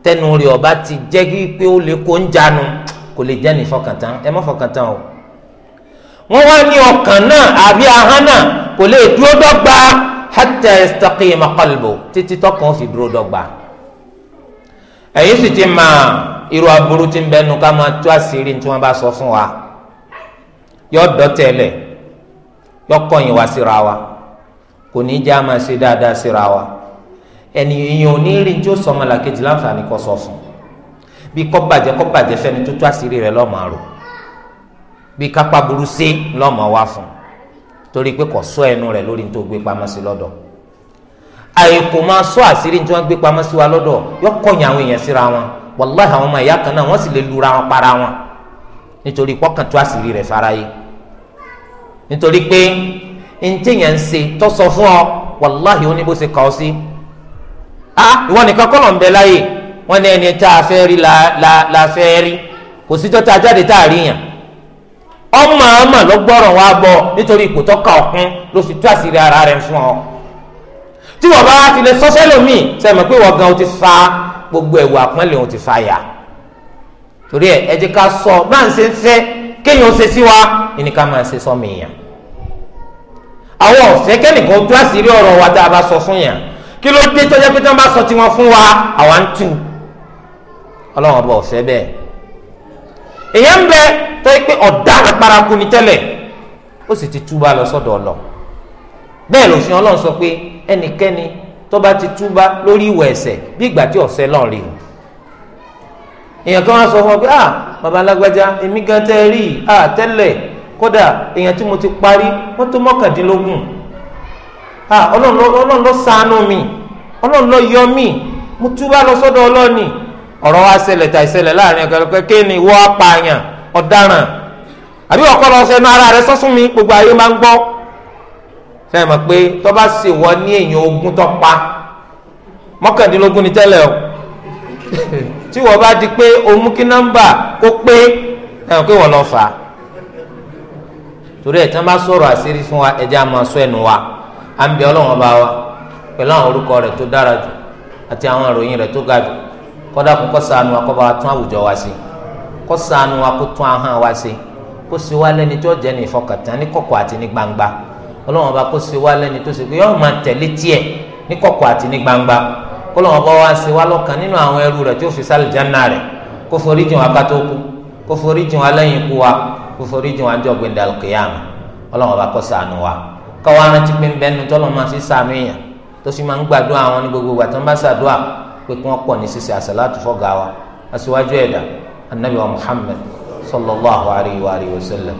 tẹnu rẹ̀ ọba ti jẹ́ kí pé ó lè kó ń jánu kò lè jẹ́ ní fọkàntán ẹ má fọkàntán o wọ́n wá ní ọkàn náà àbí ahọ́n náà kò lè dúró dọ́gba hatta yastaqima qalbu títí tọkàn fi dúró dọ́gba ẹ̀yin sì ti máa irú aburú tí ń bẹnu ká máa tú àṣírí tí wọ́n bá sọ fún wa yọ dọ́tẹ̀lẹ̀ yọ kọ̀yìn wá síra wa kò ní já máa ṣe dáadáa síra wa ẹni èèyàn ò ní rí tí ó sọ ọmọ làkejì láǹfààní kọ sọ fún bí kọ́ bàjẹ́ kọ́ bàjẹ́ fẹ́ni tó tú àṣírí rẹ̀ lọ́mọ àrò bí kápá burú sí lọ́mọ wá fún torí pé kò sọ ẹnu rẹ̀ lórí tó gbé pamọ́ sí lọ́dọ̀ àìkò máa sọ àṣírí tí wọ́n gbé pamọ́ sí wa lọ́dọ̀ yọ kọ̀yìn àwọn èèyàn síra wọn wàláhì àwọn ọmọ ìyá kan náà wọ́n sì lè lura wọn para wọn nítorí pọ́kàn tó àṣírí rẹ̀ faraye nítorí pé ntẹ̀yẹ̀ ń ṣe tó sọ fún ọ wàláhì ó ní bó ṣe kà ọ́ sí a ìwọ nìkan kọ́ ló ń bẹ láyè wọ́n ní ẹni tá a fẹ́ rí la la la fẹ́ rí kò síjọ́ tá a jáde tá a rí yàn ọmọ àmà lọ́gbọ́rọ̀ wa bọ̀ nítorí ipò tọ́ka ọ̀kún ló fi tú àṣírí ara rẹ̀ fún ọ. tí wọ́n bá ti lè sọ́sẹ́ lómi sẹ́mi pé wọ́n gan o ti fa gbogbo ẹ̀wù àpọ́nlé o ti fa yà. torí ẹ ẹ jẹ́ ká sọ bá ń ṣe ń fẹ́ kéèyàn ṣe sí wa ní ká máa ṣe sọ́mi yàn. àwọn ọ̀fẹ́ kẹ́nìkan tú àṣírí ọ̀rọ̀ wa tá a bá sọ fún yàn kí ló dé tọ́jà pé tí wọ́n bá sọ tiwọn fún wa àwa ń tù ọlọ́run ọba ọ̀fẹ́ bẹ́ẹ̀ èyàn ń bẹ tó yẹ pé ọ̀daràn paraku ni tẹ́lẹ̀ ó sì ti túbà lọ sọ́dọ̀ ọlọ bẹ́ẹ̀ lòfin ọlọ́run sọ pé ẹnikẹ́ni tó bá ti túbà lórí ìwẹ̀ bí ìgbà tí ọ̀sẹ̀ lọ́ọ̀ rí èyàn kan wá sọ fún ọ pé ah bàbá alágbájá èmi gan tẹ́ rí i ah tẹ́lẹ̀ kódà tí mo ti ọ̀rọ̀ wa ṣẹlẹ̀ tà ìṣẹlẹ̀ láàrin ọ̀kẹ́lẹ́kẹ́ kí ni ìwọ apààyàn ọ̀daràn àbí ọ̀kọ́ lọ sẹ́nu ara rẹ sọ́sún mi gbogbo ayé máa ń gbọ́ sẹ́yìn mọ̀ pé tó bá sì wọ ní èèyàn ogún tó pa mọ́kàndínlógún ni tẹ́lẹ̀ o tí wọ́n bá di pé o mú kí nọ́mbà kó pé ẹ̀hún pé wọ́n lọ fà á torí ẹ̀ tí wọ́n bá sọ̀rọ̀ àṣírí fún wa ẹ̀jẹ̀ á sọ wa à ń bẹ Ọlọ́run wa pẹ̀lú àwọn orúkọ rẹ̀ tó dára jù àti àwọn ìròyìn rẹ̀ tó ga jù kọ́dà kó sànù akọ́bà tún àwùjọ wa sí kó sànù akótún ahọ́n wa sí kó sì wá lẹ́ni tó jẹ́ ní ìfọkàntán ní kọ̀kọ̀ àti ní gbangba ọlọ́wọ́n bá kó sì wá lẹ́ni tó sì pé yọ́n máa tẹ̀lé tiẹ̀ ní kọ̀kọ̀ àti ní gbangba kọ́lọ́wọ́n bá wá sí wa lọ́kàn nínú àwọn ẹrú rẹ̀ tó fi sálì jánà rẹ̀ kó forí jìn wá ká tó kú kó forí jìn wá lẹ́yìn ikú wa kó forí jìn wá jọ gbẹ̀ndà ọlọ́wọ́n bá kó pé kí wọ́n pọ̀ ní ṣíṣe àṣàlátù fọ́gà wa aṣíwájú ẹ̀dá anabi wa muhammed sallallahu alayhi wa alayhi wa sallam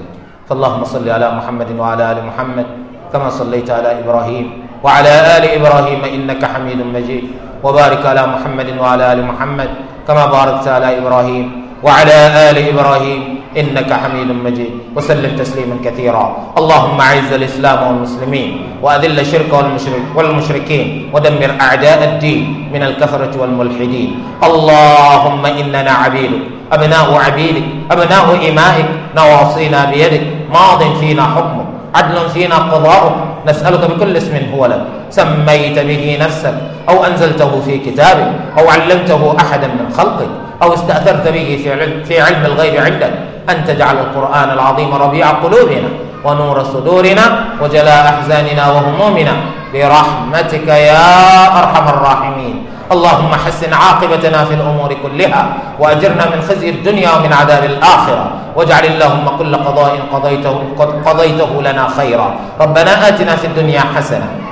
fallahumma salli ala muhammed wa ala ali muhammed kama sallaita ala ibrahim wa ala ali ibrahim inna ka hamidu majid wa barik ala muhammed wa ala ali muhammed kama barakta ala ibrahim wa ala ali ibrahim إنك حميد مجيد وسلم تسليما كثيرا اللهم أعز الإسلام والمسلمين وأذل الشرك والمشرك والمشركين ودمر أعداء الدين من الكفرة والملحدين اللهم إننا عبيدك أبناء عبيدك أبناء إمائك نواصينا بيدك ماض فينا حكمك عدل فينا قضاؤك نسألك بكل اسم هو لك سميت به نفسك أو أنزلته في كتابك أو علمته أحدا من خلقك أو استأثرت به في علم, في علم الغيب عندك أن تجعل القرآن العظيم ربيع قلوبنا ونور صدورنا وجلاء أحزاننا وهمومنا برحمتك يا أرحم الراحمين اللهم حسن عاقبتنا في الأمور كلها وأجرنا من خزي الدنيا ومن عذاب الآخرة واجعل اللهم كل قضاء قضيته, قضيته لنا خيرا ربنا آتنا في الدنيا حسنة